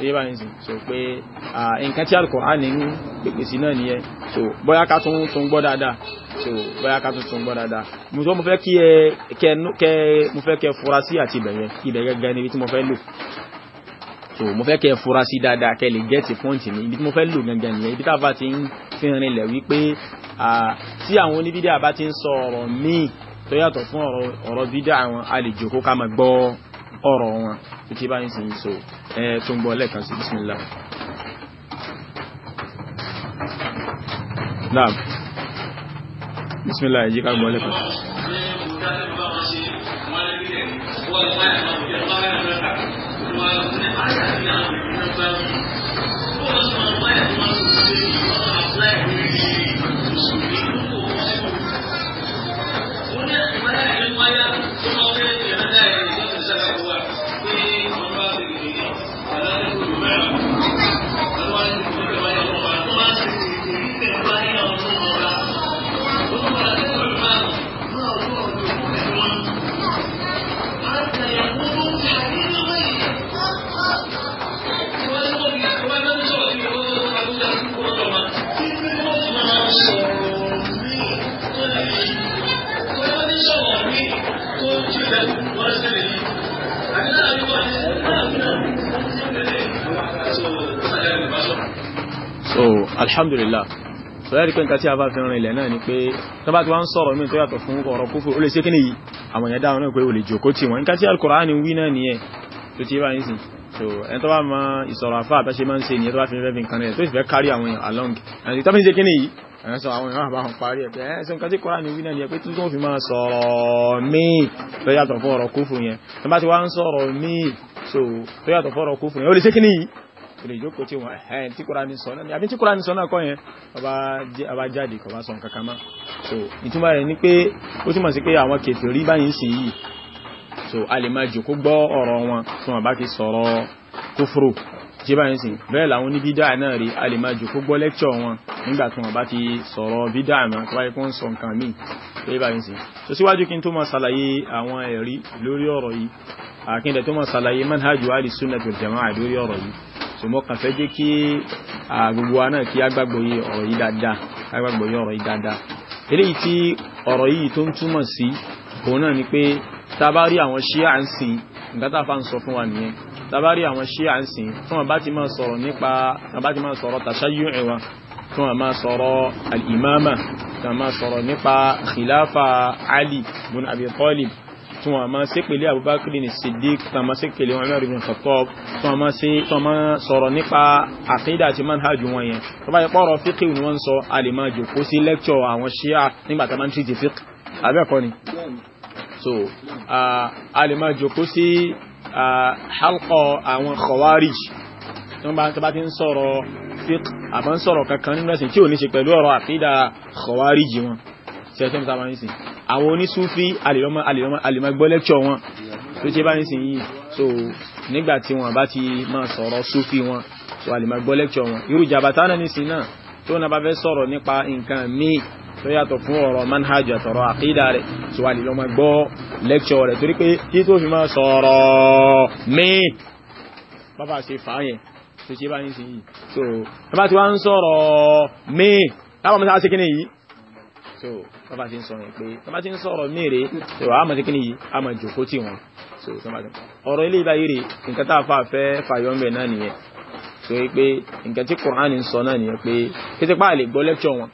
èyí bá ń sìn so pé nǹkan tí Al-Qur'an ní pèpè sí náà nìyẹn so bóyá ká tún tún gbọ́ dáadáa so bóyá ká tún tún gbọ́ dáadáa mo tó mo fẹ́ kí ẹ kẹ kẹ mo fẹ́ kẹ fura sí àti ibẹ̀ yẹn ibẹ̀ yẹn gan níbi tí mo fẹ́ lò so mo fẹ́ kẹ fura sí dáadáa kẹ lè gẹ́ẹ̀tì pọ́ǹtì mi ibi tí mo fẹ́ lò gangan nìyẹn ibi táwa ti ń fi rinlẹ̀ wípé tí àwọn oníbídà bá ti ń sọ ọ̀rọ̀ míì tó yàtọ̀ fún ọ̀rọ̀ bídà àwọn àlejò kó ká máa gbọ́ ọ̀rọ̀ wọn tí bá ní sin so ẹ tó ń bọ̀ lẹ́ẹ̀kan sí bismillah naam bismillah ẹ̀jí ká gbọ́ lẹ́ẹ̀kan Thank you. alhamdulillah sọ́yẹ́rì pé nǹkan tí a bá fi rìn ilẹ̀ náà ni pé tó bá ti wá ń sọ̀rọ̀ mí tó yàtọ̀ fún ọ̀rọ̀ kúfù ó lè ṣe kíni yìí àwọn èèyàn dáhùn náà pé ó lè jòkó tì wọ́n nǹkan tí Al-Qur'ani wí náà nìyẹn tó ti bá yín sìn so ẹni tó bá mọ ìsọ̀rọ̀ àfáà tó máa ń ṣe nìyẹn tó bá fi fẹ́ fi rẹ̀ tó sì fẹ́ kárí àwọn èèyàn along àti tó fi ń ṣe kíni yìí ẹ̀rẹ́ sọ àwọn èèyàn àbáhùn parí ẹ̀ pé ṣe nǹkan tí Kùránì wí náà ni pé tí wọ́n fi máa sọ̀rọ̀ míì tó yàtọ̀ fún ọ̀rọ̀ kúfù yẹn tó bá ti wá ń sọ̀rọ̀ míì so tó yàtọ̀ fún ọ̀rọ̀ kúfù yẹn ó lè ṣe kíni yìí lè jókòó tí wọ́n ẹ̀ tí kúránì sọ náà àbí tí kúránì sọ náà kọ́ yẹn ọba jáde kọ̀ sọ nǹkan kan so ìtumọ̀ rẹ̀ ni pé ó túmọ̀ sí pé àwọn kèfèrí báyìí ń yìí so a lè máa jòkó gbọ́ ọ̀rọ̀ wọn tí wọ́n bá ti sọ̀rọ̀ kófòrò tí bá ń sìn bẹ́ẹ̀ làwọn ní bídá náà rí a lè máa jòkó gbọ́ lẹ́kṣọ̀ wọn nígbà tí wọ́n bá ti sọ̀rọ̀ bídá àmà tó wáyé kún sọ nǹkan míì tó so síwájú kí n tó máa ṣàlàyé àwọn ẹ̀rí lórí ọ̀rọ̀ yìí àkíndẹ̀ tó máa ṣàlàyé manhajú alì sunnah wal jama'a lórí ọ̀rọ̀ yìí sọmọ kan fẹ́ jẹ́ kí gbogbo wa náà kí agbàgbọ́yé ọ̀rọ̀ yìí dáadáa agbàgbọ́yé ọ̀rọ̀ yìí dáadáa eléyìí tí ọ̀rọ̀ yìí tó ń túmọ̀ sí òun náà ni pé tá a bá rí àwọn ṣíà ń sìn nǹkan tá a fa ń sọ fún wa nìyẹn tá a bá rí àwọn ṣíà ń tí wọ́n máa ṣe pẹ̀lú Abubakar ní Siddiq tí wọ́n máa ṣe pẹ̀lú Umar ibn Khattab tí wọ́n máa sọ̀rọ̀ nípa àkídà àti manhaj wọn yẹn tó bá yẹ pọ́rọ̀ fíkì ni wọ́n sọ a lè máa jòkó sí lẹ́kṣọ̀ àwọn ṣíà nígbà tá a máa ń tìjì fíkì abẹ́ẹ̀kọ́ ni so a lè máa jòkó sí halqa àwọn khawarij tó bá ti ń sọ̀rọ̀ fíkì àbá ń sọ̀rọ̀ kankan nínú ẹ̀sìn tí ò ní ṣe pẹ̀lú ọ̀rọ̀ àkídà khawarij wọn ṣe ẹ̀ àwọn onísúfí alèmọ́ gbọ́ lẹ́kṣọ́ wọn tó ṣe bá ní sin yìí so nígbà tí wọ́n bá ti máa sọ̀rọ̀ súfí wọn so alèmọ́ gbọ́ lẹ́kṣọ́ wọn irú jàbátá náà ní sin náà tó náà bá fẹ́ sọ̀rọ̀ nípa nǹkan míì tó yàtọ̀ fún ọ̀rọ̀ manhaj àtọ̀rọ̀ àkídà rẹ̀ so alèmọ́ gbọ́ lẹ́kṣọ́ rẹ̀ torí pé kí tó fi máa sọ̀rọ̀ míì bàbá ṣe fà yẹn tó ṣe bá ní sin yìí so bàbá ti wá ń sọ̀rọ̀ míì láwọn mọ́ta ṣe kí so wọ́n bá ti ń sọ̀rọ̀ pé wọ́n bá ti ń sọ̀rọ̀ mére tó wàá mọ̀tí kíni yìí a mọ̀ jòkó tì wọ́n so tó bá ti ọ̀rọ̀ ilé ibà yìí rè nǹkan tá a fà fẹ́ fàyọ̀ ń bẹ̀ náà nìyẹn so pé nǹkan tí Qur'an ń sọ náà nìyẹn pé kété pa àlè gbọ́ lẹ́kṣọ̀ wọn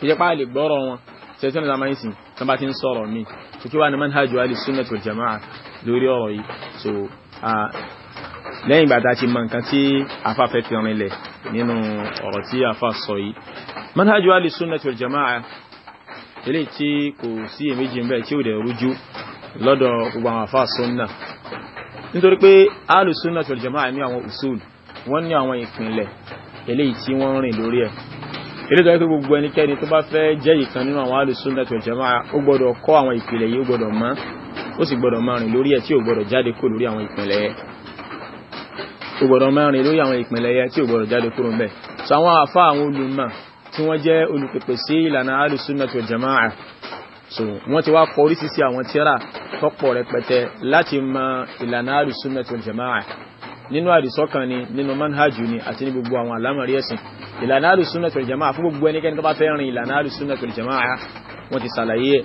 kété pa àlè gbọ́rọ̀ wọn sẹ́tún ní àmáyé sìn tó bá ti ń sọ̀rọ̀ mí so kí wàá ní manhaj ahli sunnah wal jama'a lórí ọ̀rọ̀ yìí so lẹ́yìn ìgbà tá a ti mọ nǹkan tí afa fẹ́ fi rin lẹ̀ nínú ọ̀rọ̀ tí afa sọ yìí manhaj ahli sunnah wal jama'a eléyìí tí kò sí èméjì ń bẹ tí ó dẹ̀ rújú lọ́dọ̀ gbogbo àwọn àfáà sunna nítorí pé alu sunna wal jamaa ní àwọn usul wọ́n ní àwọn ìpìnlẹ̀ eléyìí tí wọ́n rìn lórí ẹ̀ eléyìí tó yẹ pé gbogbo ẹnikẹ́ni tó bá fẹ́ jẹ́ ìkan nínú àwọn alu sunna wal jamaa ó gbọ́dọ̀ kọ́ àwọn ìpìlẹ̀ yìí ó gbọ́dọ̀ mọ̀ ó sì gbọ́dọ̀ máa rìn lórí ẹ̀ tí ò gbọ́dọ̀ jáde kó lórí àwọn ìpìnlẹ̀ yẹn ó gbọ́dọ̀ lórí àwọn ìpìnlẹ̀ yẹn tí ò jáde kúrò ń bẹ̀ so àwọn àfáà àwọn olùmọ̀ tí wọ́n jẹ́ olùpèpè sí ìlànà alùsùnà jama'a so wọ́n ti wá kọ oríṣiríṣi àwọn tírà tọ́pọ̀ rẹpẹtẹ láti mọ ìlànà alùsùnà jama'a nínú àdìsọ́kàn ni nínú manhajù ni àti ní gbogbo àwọn àlámọ̀rí ẹ̀sìn ìlànà àlùsúnà tó jama'a fún gbogbo ẹnikẹ́ni tó bá fẹ́ rin ìlànà àlùsúnà tó jama'a wọ́n ti sàlàyé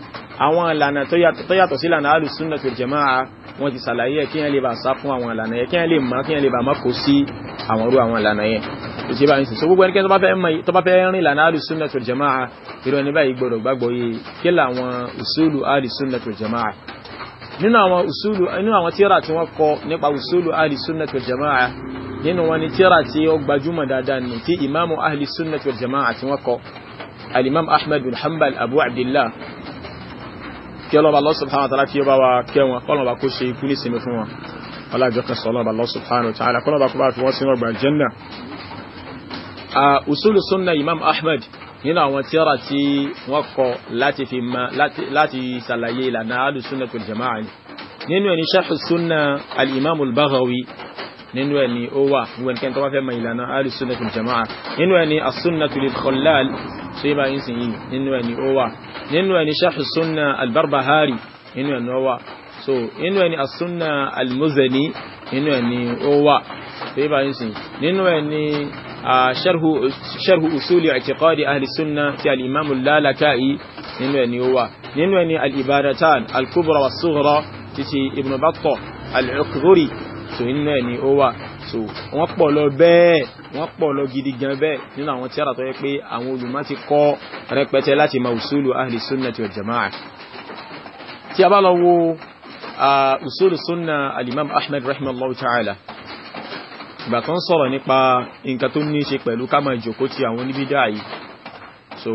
àwọn ìlànà tó yàtọ̀ sí ìlànà àlùsúnà tó jama'a wọ́n ti sàlàyé kí yẹn lè bá sá fún àwọn ìlànà yẹn kí yẹn lè mọ̀ kí yẹn lè bá má kó sí àwọn irú àwọn ìlànà yẹn tó ṣe bá ń sìn so gbogbo ẹnikẹ́ni tó bá fẹ́ rin ìlànà àlùsúnà jama'a irú ẹni báyìí gbọ́dọ̀ gbàgbọ́ yìí kí làwọn jama'a nínú àwọn usulu nínú àwọn tíra tí wọ́n kọ nípa usulu ahli sunnati wal jama'a nínú wọn ni tíra tí ó gbajúmọ̀ dáadáa ni tí imamu ahli sunnati wal jama'a tí wọ́n kọ alimam ahmed bin hanbal abu abdillah kí ọlọ́ba Allah subhanahu wa ta'ala kí ọba wa kẹ́ wọn kọ́ ọlọ́ba kó ṣe ikú ní sinmi fún wọn ọlájọ́ kan sọ ọlọ́ba Allah subhanahu wa ta'ala kọ́ ọlọ́ba kó bá fi wọ́n sínú ọgbà jannah usulu sunna imam ahmed nínú àwọn tíra tí wọ́n kọ láti fi ma láti ṣàlàyé ìlànà alùsùnà pẹ̀lú jama'a ni nínú ẹni sharh sunna al-imam al-baghawi nínú ẹni ó wà nínú ẹni kẹ́ntọ́ wá fẹ́ ma ìlànà alùsùnà pẹ̀lú jama'a nínú ẹni asùnà tó lè kọlal tó yí bá yín sìn yìí nínú ẹni ó wà nínú ẹni sharh sunna al-barbahari nínú ẹni ó wà so nínú ẹni asùnà al nínú ẹni ó wà tó bá yín sìn nínú ẹni sharhu usuli i'tiqadi ahli sunna ti al-imam al-lalaka'i nínú ẹni ó wà nínú ẹni al-ibadatan al-kubra wa sughra titi ibn battah al-ukhdhuri so nínú ẹni ó wà so wọ́n pọ̀ lọ bẹ́ẹ̀ wọ́n pọ̀ lọ gidi gan bẹ́ẹ̀ nínú àwọn tíra tó yẹ pé àwọn olùmọ̀ ti kọ́ rẹpẹtẹ láti ma usulu ahli sunnati wal jama'a tí a usulu sunna al-imam ahmad rahimahullahu ta'ala ìgbà tó ń sọ̀rọ̀ nípa nǹkan tó ní ṣe pẹ̀lú ká máa ti àwọn oníbídà yìí so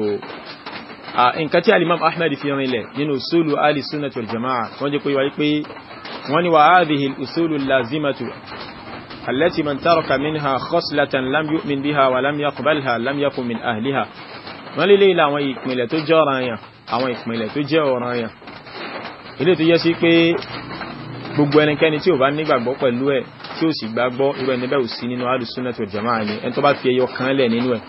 nǹkan tí alimam ahmed fi rinlẹ̀ nínú usulu ali sunnah wal jama'a wọ́n jẹ́ pé wáyé pé wọ́n ni wà áàdìhì usulu lazimatu allati man taraka minha khoslatan lam yu'min biha wa lam yaqbalha lam yakun min ahliha wọ́n lè léèlà àwọn ìpìnlẹ̀ tó jẹ́ ọ̀ranyàn àwọn ìpìnlẹ̀ tó tí ó sì gbàgbọ́ irú ẹni bẹ́ẹ̀ ò sí nínú alùsùnàtì wal jamaa ni ẹni tó bá fi ẹyọ kan lẹ̀ nínú ẹ̀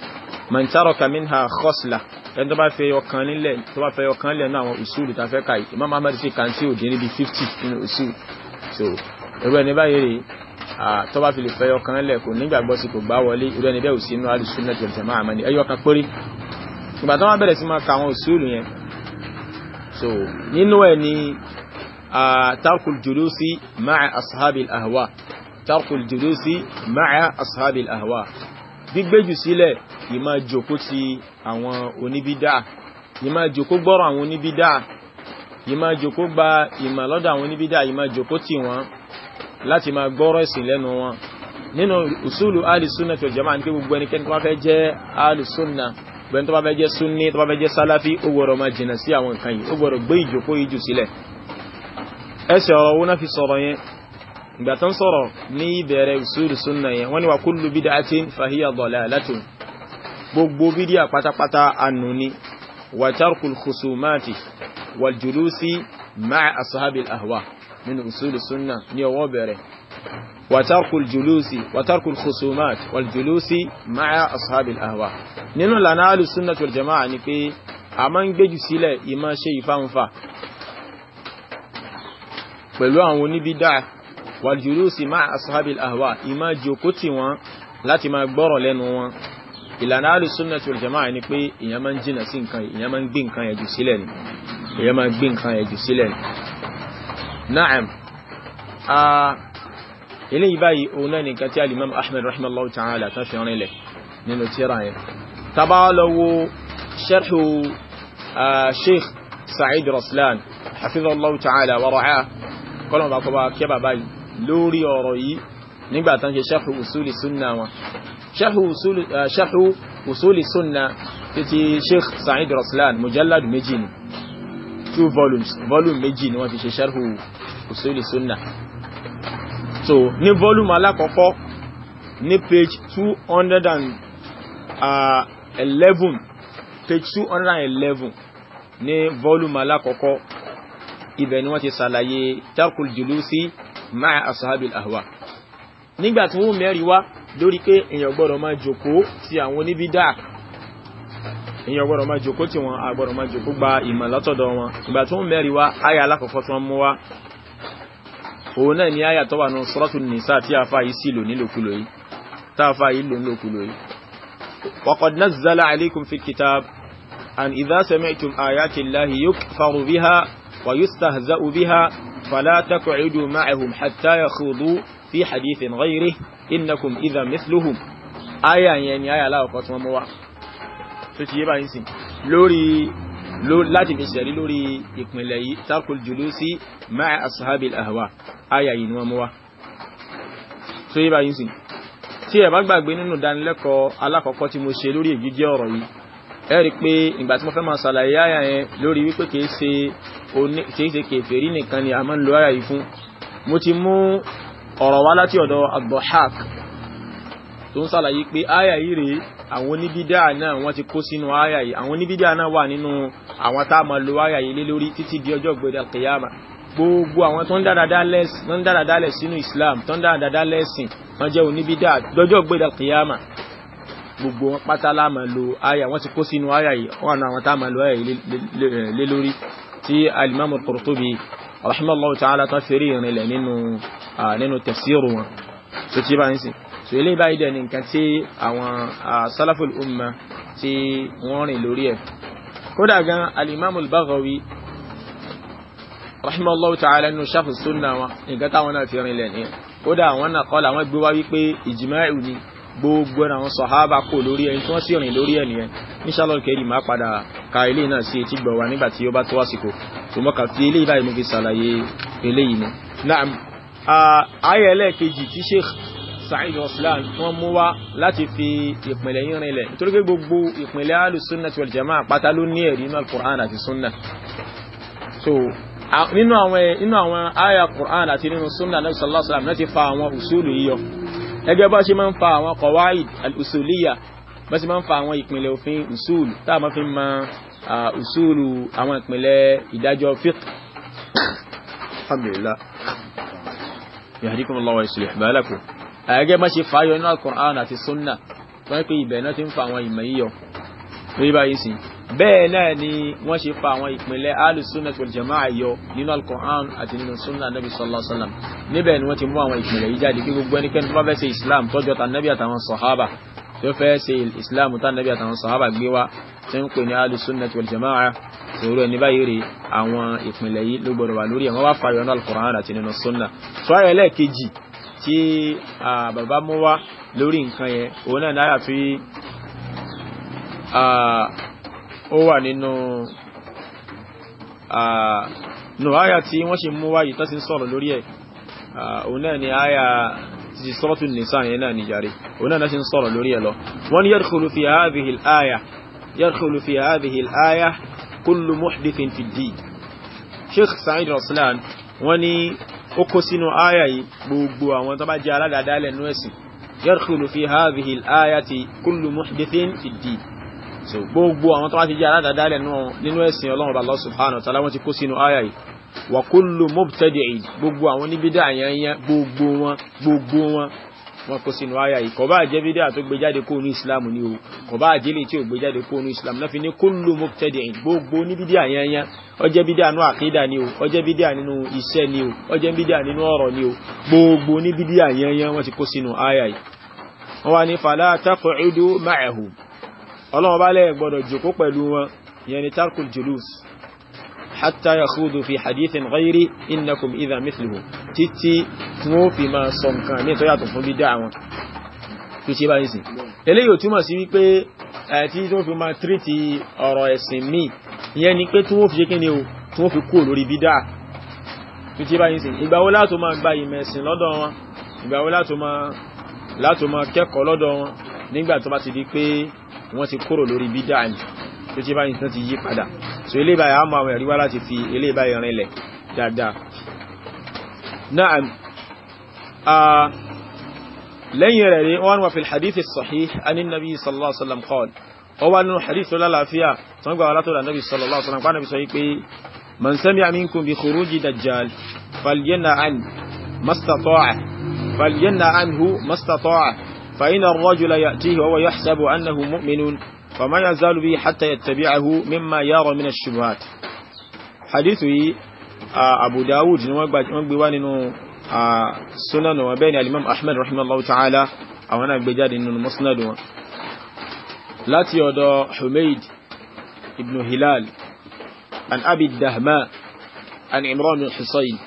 man taraka minha khasla ẹni tó bá fi ẹyọ kan nílẹ̀ tó bá fi ẹyọ kan lẹ̀ nínú àwọn usulu tá a fẹ́ ka yìí Imam Ahmad fi kàn sí òdì níbi fifty nínú usulu so irú ẹni báyìí rèé tó bá fi lè fẹ́ ẹyọ kan lẹ̀ kò nígbàgbọ́ sí kò gbá wọlé irú ẹni bẹ́ẹ̀ ò sí nínú alùsùnàtì wal tarkul julusi ma'a ashabil ahwa gbígbéjù sílẹ̀ ìmá jòkó ti àwọn oníbídà ìmá jòkó gbọ́rọ̀ àwọn oníbídà ìmá jòkó gba ìmà lọ́dọ̀ àwọn oníbídà ìmá jòkó tì wọ́n láti máa gbọ́rọ̀ ìsìn lẹ́nu wọn nínú usulu alìsúnà tí ó jẹ́ máa ní pé gbogbo ẹnikẹ́ni tó bá fẹ́ jẹ́ alìsúnà gbẹ́ni tó bá fẹ́ jẹ́ súnni tó bá fẹ́ jẹ́ sálàfí ó gbọ́dọ̀ máa jìnà sí àwọn nǹkan yìí ó gbọ́dọ̀ gbé ìjòkó yìí jù ẹsẹ̀ ọ̀rọ̀ wọn fi sọ̀rọ̀ yẹn ìgbà tán sọ̀rọ̀ ní ìbẹ̀rẹ̀ usul sunna yẹn wọ́n ní wa kullu bid'atin fahiya dalalatun gbogbo bídíà pátápátá ànú ni wa tarkul khusumati wal julusi ma'a ashabil ahwa nínú usul sunna ní ọwọ́ bẹ̀rẹ̀ wa tarkul julusi wa tarkul khusumati wal julusi ma'a ashabil ahwa nínú lànà al-sunnati wal jama'a ni pé a máa ń gbéjù sílẹ̀ ìmọ̀ ṣe ìfáǹfà pẹ̀lú àwọn oníbídà wàljúlúsì máa asáhábì àhwà ìmá jòkó tí wọ́n láti máa gbọ́rọ̀ lẹ́nu wọn ìlànà alùsùnà tí olùjẹ́mà ni pé ìyẹn máa ń jìnà sí nǹkan ìyẹn máa ń gbé nǹkan ẹ̀jù sílẹ̀ ni ìyẹn máa ń gbé nǹkan ẹ̀jù sílẹ̀ ni na'am eléyìí báyìí òun náà nìkan tí alimam ahmed rahimallahu ta'ala tán fi rìn nínú tíra lórí ọ̀rọ̀ yìí nígbàtán ṣe ṣáhù usuli sunna wọn ṣáhù eh, usuli sunna títí sheikh sa'id raslan mujallad méjì ni two volumes volume méjì ni wọ́n fi ṣe ṣáhù usuli sunna so ní volume alákọ̀ọ́kọ́ ní page two hundred and eh, eleven page two hundred and eleven ní volume alákọ̀ọ́kọ́ ibẹ̀ ni wọ́n ti ṣàlàyé tarkul julusi ma'a ashabil ahwa nígbà tí wọ́n mẹ́rin wá lórí pé èèyàn gbọ́dọ̀ máa jòkó ti àwọn oníbídà èèyàn gbọ́dọ̀ máa jòkó tí wọ́n agbọ́dọ̀ máa jòkó gba ìmọ̀ látọ̀dọ̀ wọn ìgbà tí wọ́n mẹ́rin wá aya alákọ̀ọ́kọ́ tí wọ́n mú wá òun náà ni aya tó nù suratul nisa tí a fa yìí sí lò وقد نزل عليكم في الكتاب أن إذا سمعتم آيات الله يكفر بها ويستهزأ بها فلا تقعدوا معهم حتى يخوضوا في حديث غيره إنكم إذا مثلهم آية يعني آية لا أقوى مموا سوتي يبا ينسي لوري لو láti fi ṣẹ̀rí lórí ìpínlẹ̀ yìí takul julusi ma'a ashabil ahwa àyà yìí ni wọ́n mú wá tó yé báyìí sìn tí ẹ bá gbàgbé nínú ìdánilẹ́kọ̀ọ́ alákọ̀ọ́kọ́ tí mo ṣe lórí èyí jẹ́ ọ̀rọ̀ yìí ẹ rí i pé ìgbà tí mo fẹ́ máa ṣàlàyé àyà yẹn lórí wípé kìí ṣe kìíṣe kèfèrí nìkan ni a máa ń lo ara yìí fún mo ti mú ọ̀rọ̀ wá láti ọ̀dọ̀ abdulhaq tó ń sàlàyé pé àyà yìí rèé àwọn oníbídà náà wọ́n ti kó sínú àyà yìí àwọn oníbídà náà wà nínú àwọn tá a máa lo àyà yìí lé lórí títí di ọjọ́ gbẹdẹ kìyàmà gbogbo àwọn tó ń dára dálẹ̀ sínú islam tó ń dára dálẹ̀ sìn wọ́n jẹ́ oníbídà lọ́jọ́ gbẹdẹ kìyàmà gbogbo pátá la lo àyà wọ́n ti kó sínú àyà yìí wọ́n àwọn tá lo àyà yìí lé lórí tí alimamu al-Qurtubi rahimallahu ta'ala tán fèrè ìrìnlẹ̀ nínú tafsiru wọn so tí bá ń sìn so ilé báyìí dẹ̀ ní nǹkan tí àwọn salaful umma tí wọ́n rìn lórí ẹ̀ kódà gan alimamu al-Baghawi rahimallahu ta'ala nínú shafu sunna wọn nǹkan táwọn náà fi rìnlẹ̀ ní kódà àwọn náà kọ́lá wọn gbé wá wípé ìjìmáà ni gbogbo ẹ̀rọ àwọn sọ̀hábà kò lórí ẹni tí wọ́n sì rìn lórí ẹ̀ nìyẹn inshallah kẹ́rì máa padà ka ilé náà sí etí gbọ̀wá nígbà tí ó bá tó àsìkò tó mọ́ka fi ilé ìbáyìí mo fi ṣàlàyé eléyìí ni. ayé ẹlẹ́ẹ̀kejì tí sheikh Sa'id Raslan wọ́n mú wá láti fi ìpìnlẹ̀ yín rinlẹ̀ nítorí pé gbogbo ìpìnlẹ̀ alùsùnà tí wal jamaa pátá ló ní ẹ̀rí nínú àwọn nínú quran àti nínú sunna Nabi sallallahu alaihi wasallam náà ti fa àwọn usulu yíyọ ẹgẹ́ bá ṣe máa ń fa àwọn qawaid al-usuliyya bá ṣe máa ń fa àwọn ìpìnlẹ̀ òfin usul tá a máa fi ma usulu àwọn ìpìnlẹ̀ ìdájọ́ fiqh. alhamdulillah yahdikum Allah wa yuslih balakum ẹgẹ́ bá ṣe fàáyọ inú al-Qur'an àti sunna wọ́n pé ibẹ̀ náà ti ń fa àwọn ìmọ̀ yíyọ rí báyìí sìn bẹ́ẹ̀ náà ni wọ́n ṣe fa àwọn ìpínlẹ̀ alùsùnà wal jamaa yọ nínú alkọ̀án àti nínú sunna anabi sallallahu alaihi wasallam níbẹ̀ ni wọ́n ti mú àwọn ìpínlẹ̀ yìí jáde kí gbogbo ẹnikẹ́ni tó bá fẹ́ ṣe islam tọ́jọ́ ta nabi àtàwọn sọ̀hábà tó fẹ́ ṣe islam tá nabi àtàwọn sọ̀hábà gbé wá tí ń pè ní alùsùnà wal jamaa sòrò ẹni báyìí rè àwọn ìpínlẹ̀ yìí ló gbọdọ̀ wà lórí ẹ̀ wọ́n wá fa yọnú alkọ̀án àti nínú sunna sọ́rọ̀ ẹlẹ́ẹ̀kejì tí bàbá mú wá lórí nǹkan yẹn òun náà náà fi ó wà nínú nù àyà tí wọ́n ṣe mú wáyé tó ti ń sọ̀rọ̀ lórí ẹ̀ òun náà ni àyà ti sọ́rọ̀tù nìsàn yẹn náà nìjàre òun náà ṣe ń sọ̀rọ̀ lórí ẹ̀ lọ wọ́n ni yadkhulu fi hadhihi al-aya yadkhulu fi hadhihi al-aya kullu muhdithin fi ddin sheikh sa'id raslan so gbogbo àwọn tó wá ti jẹ́ aládàádálẹ̀ nínú ẹ̀sìn ọlọ́run ọba Allah subhanahu wa ta'ala wọ́n ti kó sínú àyà yìí wa kullu mubtadi'i gbogbo àwọn oníbídà àyànyàn gbogbo wọn gbogbo wọn wọn kó sínú àyà yìí kọ̀bá àjẹ́ bídà tó gbé jáde kó nu islam ni o kọ̀bá àjẹ́ lè tí ò gbé jáde kó nu islam náà fi ní kullu mubtadi'i gbogbo oníbídà gbogbo oníbídà àyànyàn wọ́n ti kó sínú ọlọ́wọ́ bá lẹ́ gbọ́dọ̀ jòkó pẹ̀lú wọn yẹni tarkul julus hatta yakhudu fi hadithin ghairi innakum idha mithluhu títí wọ́n fi ma sọ nǹkan ní ìtọ́yàtọ̀ fún bídá àwọn tó ṣe bá ń sìn eléyìí ò túmọ̀ sí wípé àti tí wọ́n fi ma tírìtì ọ̀rọ̀ ẹ̀sìn mi ìyẹn ni pé tí wọ́n fi ṣe kíni o tí wọ́n fi kú lórí bídá tó ṣe bá ń sìn ìgbà wo máa gba ìmọ̀ ẹ̀sìn lọ́dọ̀ wọn ìgbà wo máa kẹ́kọ̀ọ́ lọ́dọ̀ wọn nígbà tó bá ti di pé wọ́n ti kúrò lórí bídá ni tó ti báyìí tán ti yí padà so ilé ìbáyà àmọ́ àwọn ẹ̀ríwá láti fi ilé ìbáyà rinlẹ̀ dáadáa na'am lẹ́yìn rẹ̀ rí wọ́n wà fi hadith sahih anin sallallahu فإن الرجل يأتيه وهو يحسب أنه مؤمن فما يزال به حتى يتبعه مما يرى من الشبهات حديث أبو داود نوبي نو سنن وبين الإمام أحمد رحمه الله تعالى أو أنا بجاد إنه المسند لا تيودو حميد ابن هلال عن أبي الدهماء عن عمران بن حصين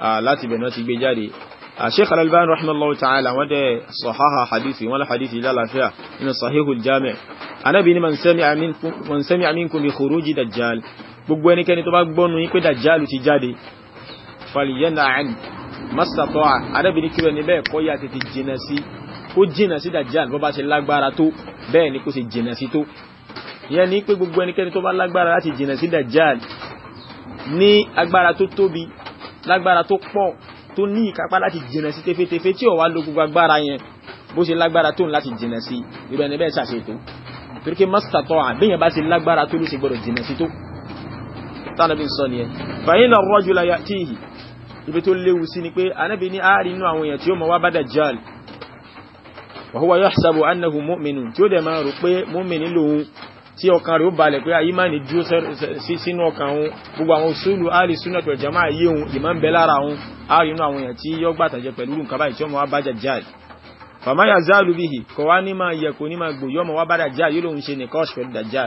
لا تبنوتي بجاري Ah, Sheikh Al-Albani rahimahullahu ta'ala wọ́n dẹ̀ sọ̀háhà hadithi wọ́n hadithi lálàáfíà inú sahihul jami' anábi ni man sami'a minkum bi khuruji dajjal gbogbo ẹnikẹni tó bá gbọ́nu yí pé dajjalu ti jáde falyanna an masata'a anábi ni kíwẹ́ ni bẹ́ẹ̀ kọ́ yà tètè jìnà sí kó jìnà sí dajjal bó bá ṣe lágbára tó bẹ́ẹ̀ ni kó ṣe jìnà sí tó yẹn ni pé gbogbo ẹnikẹni tó bá lágbára láti jìnà sí dajjal ní agbára tó tóbi lágbára tó pọ̀ tó ní ìkápá láti jìnà sí tefetefe tí ó wá lo gbogbo agbára yẹn bó ṣe lágbára tó ń láti jìnà sí irú ẹni bẹ́ẹ̀ ṣàṣètò torí pé mọ́sítàtọ̀ àbẹ́yẹn bá ṣe lágbára tó ló ṣe gbọ́dọ̀ jìnà sí tó tánàbí sọ nìyẹn fàyínà rọ́jú la tí ì ibi tó léwu sí ni pé anábì ní àárín inú àwọn èèyàn tí ó mọ̀ wá bá dàjáàlì wàhúwa yahsabu annahu mu'minun tí ó dẹ̀ máa rò pé mu'minin lòun tí ọkàn rẹ̀ ó balẹ̀ pé ìmánì dúró sínú ọkàn òun gbogbo àwọn òṣèlú àlè súnà pẹ̀lú jama yé òun ìmọ̀ ń bẹ lára òun àárín inú àwọn èèyàn tí yọ́ gbàtàjẹ pẹ̀lú nǹkan báyìí tí ọmọ wa bájà jáde fàmáyà záàlù bíhì kọ̀ wá ní máa yẹ kò ní máa gbòyọ́ ọmọ wa bá dàjà yóò lòun ṣe nìkan ọ̀ṣẹ̀ pẹ̀lú dàjà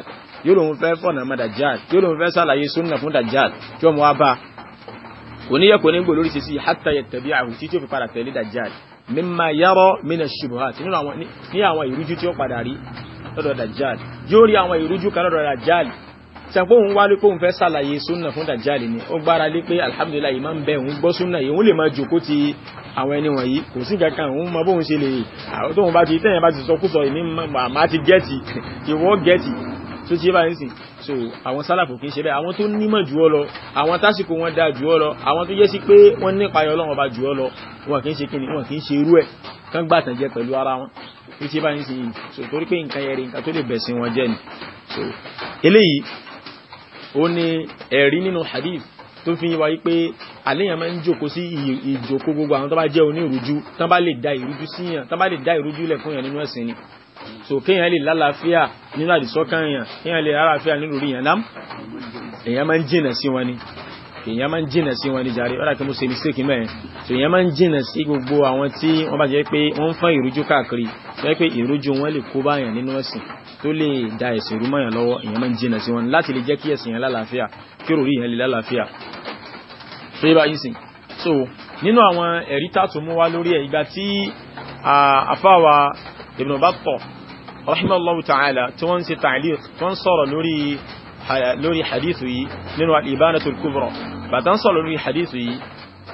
yóò lòun fẹ́ fọ̀nà máa dàjà yóò lòun fẹ́ sàlàyé súnà fún dàjà tí ọmọ wa bá kò ní yẹ ní gbò lórí sisi hàtà yẹ tẹ̀bí àhùn tí tí ó fi padà tẹ̀lé dàjà mímá yàrá mí lọ́dọ̀ dajjal yóò rí àwọn ìrújú kan lọ́dọ̀ dajjal sẹ́pọ̀ òun wá lé pé òun fẹ́ sàlàyé súnà fún dajjal ni ó gbára lé pé alhamdulillah yìí máa ń bẹ òun gbọ́ súnà yìí òun lè máa jòkó ti àwọn ẹni wọ̀nyí kò sí kankan òun mọ bóun ṣe lè tóun bá ti tẹ̀yìn bá ti sọ kúsọ èmi màmá ti gẹ́ẹ̀tì [laughs] ìwọ gẹ́ẹ̀tì tó ti yé báyìí sìn so àwọn sálàfò kì í ṣe bẹ́ẹ̀ àwọn tó nímọ̀ jù ọ lọ àwọn tásìkò wọn dáa jù ọ lọ àwọn tó yẹ sí pé wọ́n nípa ayọ̀ ọlọ́run ọba jù ọ lọ wọn kì í ṣe kíni wọn kì í ṣe irú ẹ̀ kán gbàtàn jẹ pẹ̀lú ara wọn ní tí bá ń sin so torí pé nǹkan yẹn rí nǹkan tó lè bẹ̀ sí wọn jẹ́ ni so eléyìí ó ní ẹ̀rí nínú hadith tó fi wáyé pé àléyàn máa ń jòkó sí ìjòkó gbogbo àwọn tó bá jẹ́ onírújú tán bá lè da ìrújú síyàn tán bá lè da ìrújú lẹ̀ fún yàn nínú ẹ̀sìn ni so kéèyàn lè lálàáfíà nínú àdìsọ́kàn yàn kéèyàn lè lálàáfíà nínú orí yàn nám èèyàn máa ń jìnà sí wọn ni èèyàn máa ń jìnà sí wọn ní jàre ọ̀dà kí mo ṣe mistake mẹ́rin so èèyàn máa ń jìnà sí gbogbo àwọn tí wọ́n bá jẹ́ pé wọ́n ń fọ́n ìrújú káàkiri tó yẹ pé ìrújú wọn lè kó báyàn nínú ẹ̀sìn tó lè da ẹ̀sìn rú mọ́yàn lọ́wọ́ èèyàn ń jìnà sí wọn láti lè jẹ́ kí ẹ̀sìn yẹn lálàáfíà kí òròrí yẹn lè lálàáfíà so yíba yìí sìn so nínú àwọn ẹ̀rí tààtù mú wá lórí ẹ̀ ìgbà tí àfáwà Ibn Battah rahimahullahu ta'ala tí wọ́n ń ṣe ta'liq tí wọ́n ń sọ̀rọ̀ lórí lórí hadithu yìí nínú al-ibanatul kubra bàtán sọ lórí hadithu yìí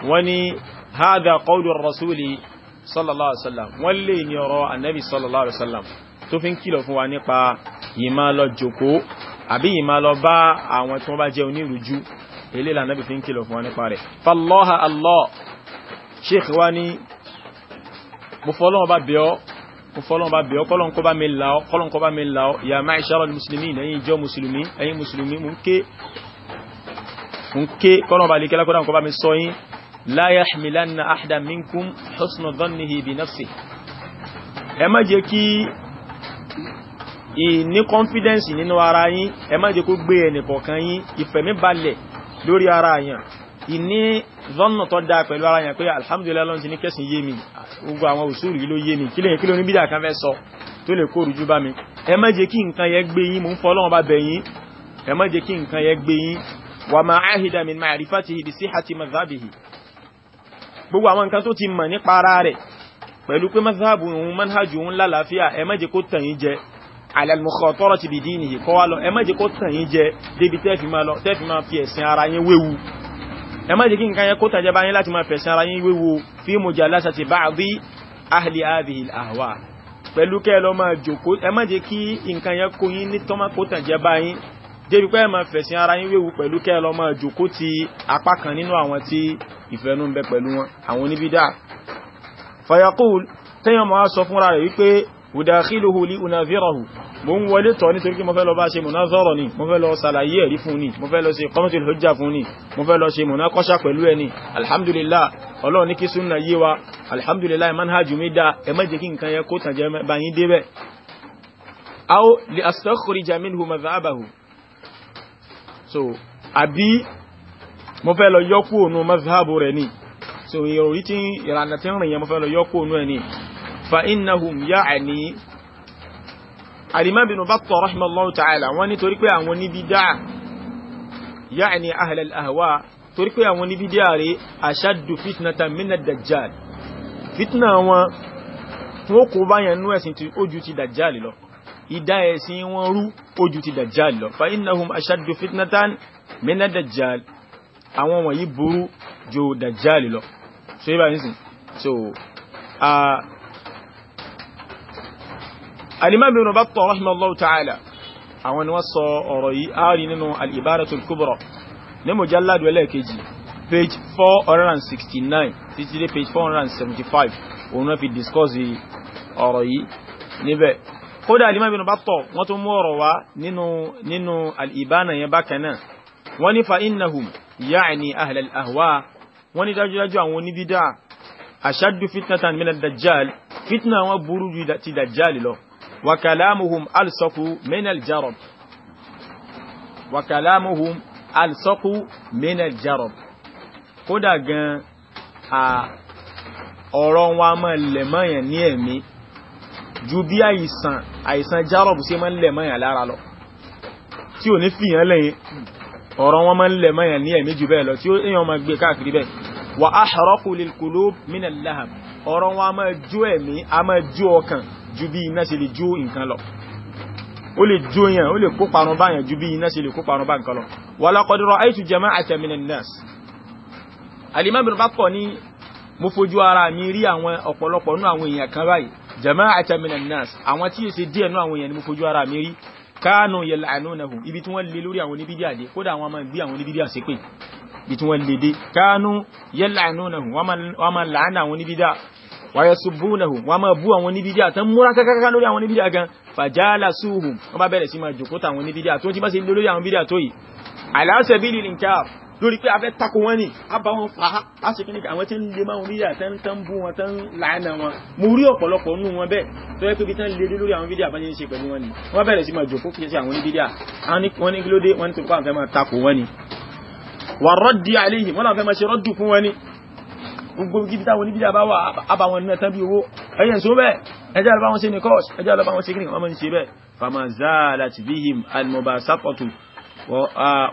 wọ́n ní hadha qawlu rasuli sallallahu alaihi wasallam wọ́n lè ní ọ̀rọ̀ annabi sallallahu alaihi wasallam tó fi ń kìlọ̀ fún wa nípa ìmá lọ jòkó àbí ìmá lọ bá àwọn tí wọ́n bá jẹ́ onírújú ilé mo fọlọ́n bá bẹ̀ ọ́ kọ́lọ́n kọ́ bá mi là ọ́ kọ́lọ́n kọ́ bá mi là ọ́ ya ma'ishara al-muslimin ẹ̀yin ìjọ mùsùlùmí ẹ̀yin mùsùlùmí mo ń ké mo ń ké kọ́lọ́n bá lè kẹ́lá kọ́lọ́n mi sọ yín la yahmilanna ahada minkum husnu dhannihi bi nafsihi ẹ má jẹ́ kí ìní confidence nínú ara yín ẹ má jẹ́ kó gbé ẹnì kọ̀ọ̀kan yín ìfẹ̀míbalẹ̀ lórí ara yín ìní zọ́nà tó dáa pẹ̀lú ara yẹn pé alhamdulillah lọ́n ti ní kẹsìn yé mi gbogbo àwọn òṣùrù yìí ló yé mi kí lèyìn kí ló ní bídà kan fẹ́ sọ tó lè kóòrù jú bá mi ẹ kí nǹkan yẹn gbé yín mò ń bá bẹ̀ yín ẹ kí nǹkan yẹn gbé yín wà máa áhìdá min ma'rifatihi bi sihhati madhhabihi gbogbo àwọn nǹkan tó ti mọ̀ nípa ara rẹ̀ pẹ̀lú pé mazhabu òun manhajù òun lálàáfíà ẹ má jẹ́ kó tàn yín jẹ ala al-mukhatarati bi dinihi kọ́ wa lọ ẹ kó tàn yín jẹ débi tẹ́ẹ̀fì máa fi ẹ̀sìn ara yín wéwu ẹ má jẹ́ kí nǹkan yẹn kó tàjẹ́ báyìí láti máa fẹ̀sẹ̀ ara yín wéwo fi mujalasati ba'di ahli hadhihi al-ahwa pẹ̀lú kẹ́ ẹ lọ máa jòkó ẹ má jẹ́ kí nǹkan yẹn kó yín ní tọ́mà kó tàjẹ́ báyìí débi pé ẹ máa fẹ̀sẹ̀ ara yín wéwu pẹ̀lú kẹ́ lọ máa jòkó ti apá kan nínú àwọn tí ìfẹ́nu ń bẹ pẹ̀lú wọn àwọn oníbídà fayaqul téèyàn máa sọ fúnra rẹ̀ wípé وداخله لأناظره من ولطه نترك مفلو باشي مناظرني مفلو سلايه رفوني مفلو سي قمت الحجة فوني مفلو سي مناقشة قلويني الحمد لله الله نكي سنة يوا الحمد لله منهاج ميدا اما جكين كان يكوتا جمع باني ديبه أو لأستخرج منه مذعبه so àbí mo fẹ́ lọ yọ́kù ònú mazhabu rẹ̀ ni so ìròyìn tí ìlànà tí ń rìn yẹn mo fẹ́ lọ yọ́kù ònú ẹ̀ ni فإنهم يعني الإمام بن بطة رحمه الله تعالى واني تركوا واني بدع يعني أهل الأهواء تركوا واني بدعري أشد فتنة من الدجال فتنة وان وقوا بايا نواسين تأجو تي دجال لو ìdá ẹ̀sìn wọn rú ojú ti dajjal lọ fa innahum ashaddu fitnatan mina dajjal àwọn wọ̀nyí burú ju dajjal lọ so yíba nísìn so alimami ibn Battah rahimahullahu ta'ala àwọn ni wọ́n sọ ọ̀rọ̀ yìí ààrin nínú al-Ibaratul Kubra ní mujalladu ẹlẹ́ẹ̀kejì page 469 títí dé page 475 òun náà fi discuss ọ̀rọ̀ yìí níbẹ̀ kódà alimami ibn Battah wọ́n tún mú ọ̀rọ̀ wá nínú nínú al-Ibana yẹn bákan náà wọ́n ní fa innahum fitnatan min ad-dajjal fitna wọn burú ti dajjal lọ وكلامهم ألصق من الجرب وكلامهم ألصق من الجرب kódà gan a ọ̀rọ̀ لمن ينيمي máa lẹ̀ mọ́yàn ní ẹ̀mí لمن bí àìsàn àìsàn járọ̀bù sí máa ń lẹ̀ mọ́yàn lára lọ tí ò ní fìyàn lẹ́yìn ọ̀rọ̀ wọn máa ń lẹ̀ mọ́yàn ní ẹ̀mí bẹ́ẹ̀ lọ tí ó èèyàn máa gbé káàkiri bẹ́ẹ̀ wà ahraqu lil qulub min al-lahab ọ̀rọ̀ wọn a máa jó ẹ̀mí a máa jó ọkàn ju bí iná ṣe lè jó nǹkan lọ ó lè jó yàn ó lè kó parun bá yàn ju bí iná ṣe lè kó parun bá nǹkan lọ wa laqad ra'aytu jama'atan minan nas al-imam ibn Battah ní mo fojú ara mi rí àwọn ọ̀pọ̀lọpọ̀ nú àwọn èèyàn kan báyìí jama'atan minan nas àwọn tí yìí ṣe díẹ̀ nú àwọn èèyàn ni mo fojú ara mi rí kanu yal'anunahum ibi tí wọ́n lè lórí àwọn oníbídí àdé kódà àwọn máa gbé àwọn oníbídí àṣepè ibi tí wọ́n lè dé kanu yal'anunahum wọ́n máa làánà àwọn oníbídí wàyẹ subúnahùn wọ́n máa bú àwọn oníbídíà tán kaka kankan lórí àwọn oníbídíà gan fàjálà súhùn wọ́n bá bẹ̀rẹ̀ sí máa jòkó tàwọn oníbídíà tó ti bá ṣe lórí àwọn oníbídíà tó yìí àlàáṣẹ bíi lílì nǹkan lórí pé a fẹ́ tako wọn ni a bá wọn fà á a sì kí ni àwọn tí ń lè máa wọn fídíà tán tán bú wọn tán láàánà wọn mo rí ọ̀pọ̀lọpọ̀ nínú wọn bẹ́ẹ̀ tó yẹ pé ibi tán lè dé lórí àwọn fídíà bá ń ṣe pẹ̀lú wọn ni wọ́n bẹ̀rẹ̀ sí máa jòkó kí ṣe àwọn oníbídíà wọn ní kí ló dé wọn ní tó kọ́ àwọn fẹ́ máa tako wọn ni wà rọ́dì àléyìn wọn náà fẹ́ máa ṣe rọ́dù fún wọn ni gbogbo gidi táwọn oníbídà bá wà àbàwọn náà tán bí owó ẹyẹ ìṣó bẹ́ẹ̀ ẹjẹ́ àlọ́bá wọn ṣe ní kọ́ọ̀sì ẹjẹ́ àlọ́bá wọn ṣe kí wọ́n mọ̀ ní ṣe bẹ́ẹ̀ famazalat bihim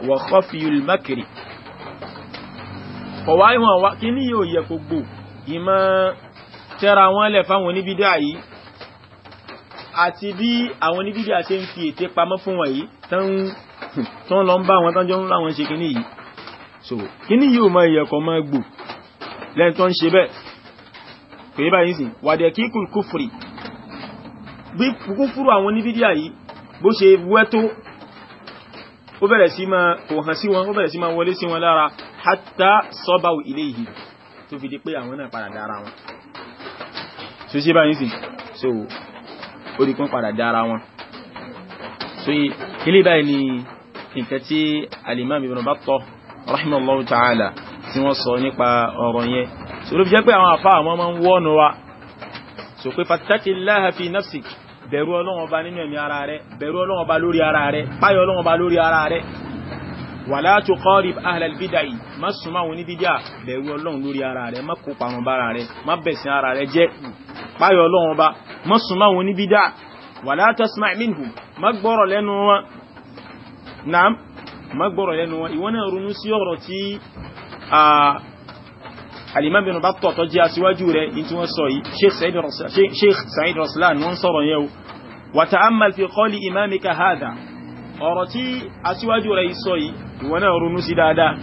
wa khafiyul makri ọ̀wá ìwọ̀n wá kí ní yóò yẹ gbogbo ìmọ̀ tẹ́ra wọn lẹ̀ fáwọn oníbídà yìí àti bí àwọn oníbídà ṣe ń fi ète pamọ́ fún so kí ní yóò máa yẹ máa gbò lẹ́yìn tó ń ṣe bẹ́ẹ̀ kò yí báyìí sìn wàdẹ̀ kíkùn kúfùrì bí kúfùrù àwọn oníbídíà yìí bó ṣe wẹ́ tó ó bẹ̀rẹ̀ sí máa kò hàn sí wọn ó bẹ̀rẹ̀ sí máa wọlé sí wọn lára hátà sọ́bàwò ilé yìí tó fi di pé àwọn náà padà dára wọn so ṣe báyìí sìn so ó di pọ́n padà dára wọn so ilé báyìí ni nǹkan tí alimami ibn Battah rahimahullahu ta'ala tí wọ́n sọ nípa ọ̀rọ̀ yẹn so ló fi jẹ́ pé àwọn àfa àwọn máa ń wọ́nu wa so pé fattaqillaha fi nafsik bẹ̀rù ọlọ́wọ́n ọba nínú ẹ̀mí ara rẹ bẹ̀rù ọlọ́wọ́n ọba lórí ara rẹ páyọ̀ ọlọ́wọ́n ọba lórí ara rẹ wàlá tuqarib ahlal bid'ah má súnmọ́ àwọn oníbídíà bẹ̀rù ọlọ́run lórí ara rẹ má kópa àwọn bára rẹ má bẹ̀sìn ara rẹ jẹ́ páyọ̀ ọlọ́wọ́n ọba má súnmọ́ àwọn oníbídíà wàlá tasma' minhum má gbọ́rọ̀ lẹ́nu wọn naam má gbọ́rọ̀ lẹ́nu wọn ìwọ náà ronú sí ọ̀rọ̀ tí Al-Imam Ibn Battah tó jẹ́ aṣíwájú rẹ̀ in tí wọ́n sọ yìí Sheikh Sa'id Raslan wọ́n sọ̀rọ̀ yẹn o wa ta'ammal fi qawli imamika hadha ọ̀rọ̀ tí aṣíwájú rẹ̀ sọ yìí ìwọ́n náà ronú sí dáadáa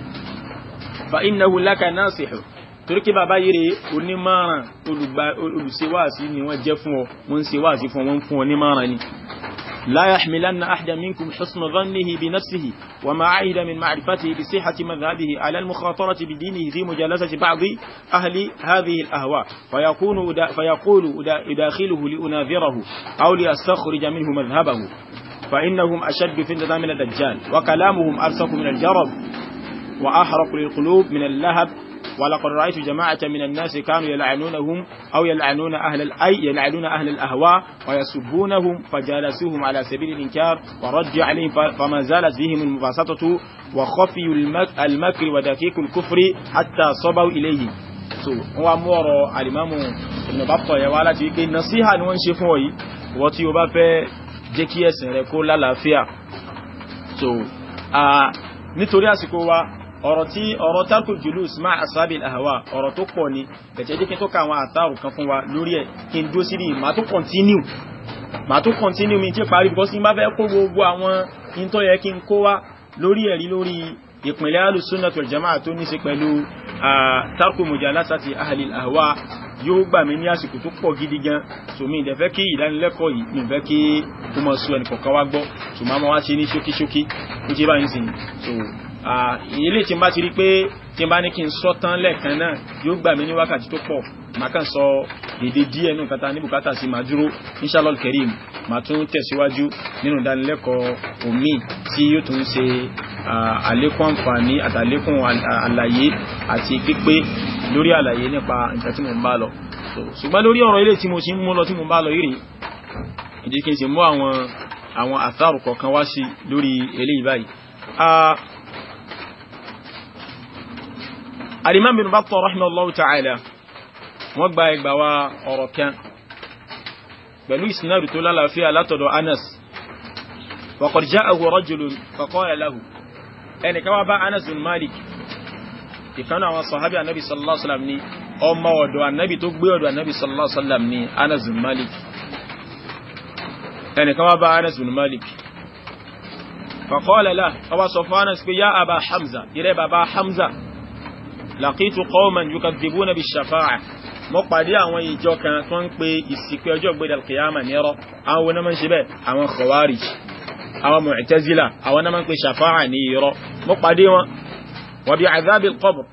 fa innahu laka nasihu torí kí bàbá yìí rẹ̀ onímọ̀ràn olùsewáàsí ni wọ́n jẹ́ fún ọ wọ́n ń sewáàsí fún wọ́n ń fún ọ nímọ̀ràn ni لا يحملن أحدا منكم حسن ظنه بنفسه وما عهد من معرفته بصحة مذهبه على المخاطرة بدينه في مجالسة بعض أهل هذه الأهواء فيكون فيقول أداخله لأناذره أو لأستخرج منه مذهبه فإنهم أشد فتنة من الدجال وكلامهم أرسخ من الجرب وأحرق للقلوب من اللهب ولقد رأيت جماعة من الناس كانوا يلعنونهم أو يلعنون أهل الأي يلعنون أهل الأهواء ويسبونهم فجالسوهم على سبيل الإنكار ورد عليهم فما زالت بهم المباسطة وخفي المكر ودقيق الكفر حتى صبوا إليه wọ́n mú ọ̀rọ̀ ìnàbàtọ̀ yẹn láti wípé nasiha ni wọ́n ń ṣe fún ọ wọ́n tí o bá fẹ́ jẹ́ kí ẹ̀sìn rẹ kó lálàáfíà so nítorí àsìkò wa ọ̀rọ̀ tí ọ̀rọ̀ tarkul julus ma asabil ahwa ọ̀rọ̀ tó pọ̀ ni bẹ̀tẹ̀ jẹ́ kí n tó ka àwọn àtàrù kan fún wa lórí ẹ̀ kí n dó sí ní màá tó continue màá tó continue mi jẹ́ parí because ní fẹ́ kó gbogbo àwọn in kí n kó wá lórí ẹ̀rí lórí ìpínlẹ̀ alùsùnàtò jama'a tó ní sí pẹ̀lú tarku mujalasati ahlil ahwa yóò gbà mí ní àsìkò tó pọ̀ gidi gan so mi ìdẹ̀fẹ́ kí ìdánilẹ́kọ̀ọ́ yìí mi fẹ́ kí ó mọ̀ sí ẹnì kọ̀ọ̀kan wá gbọ́ so máa mọ́ wá sí ní ṣókíṣókí ó jẹ́ báyìí sìn so ilé tí bá ti rí pé tí bá ní kí n sọ lẹ́ẹ̀kan náà yóò gbà mí ní wákàtí tó pọ̀ makan kàn sọ èdè díẹ̀ nù kata ní bùkátà sí màá dúró inshallah karim màá tún tẹ̀síwájú nínú ìdánilẹ́kọ̀ọ́ omi tí yóò tún ṣe àlékún àǹfààní àtàlékún àlàyé àti pípé lórí àlàyé nípa nǹkan tí mo ń bá lọ ṣùgbọ́n lórí ọ̀rọ̀ ilé tí mo ti ń mú lọ tí mo ń bá lọ yìí ìdí kí n sì mú àwọn àwọn àtàrù kọ̀ọ̀kan wá sí lórí eléyìí báyìí Al-Imam Ibn Battah rahimahullahu ta'ala wọ́n gba ẹgbà wa ọ̀rọ̀ kan pẹ̀lú ìsinádù tó lálàáfíà látọ̀dọ̀ Anas waqad ja'ahu rajulun faqala lahu ẹnìkan wá bá Anas bin Malik ìkànnà àwọn sọ̀hábí ànábì sallallahu alaihi wasallam ni ọmọ ọ̀dọ̀ ànábì tó gbé ọ̀dọ̀ ànábì sallallahu alaihi wasallam ni Anas bin Malik ẹnìkan wá bá Anas bin Malik faqala lahu ọwá sọ fún Anas pé yá Aba mo pàdé àwọn ìjọ kan tó ń pe ìsìnkú ọjọ́ gbẹdẹ kìyàmà nírọ́ àwọn wo náà máa ń ṣe bẹ́ẹ̀ àwọn khawarij àwọn mu'tazila àwọn náà máa ń pe ṣàfáà ní irọ́ mo pàdé wọn wọ́n bí àdábì kọ́bùr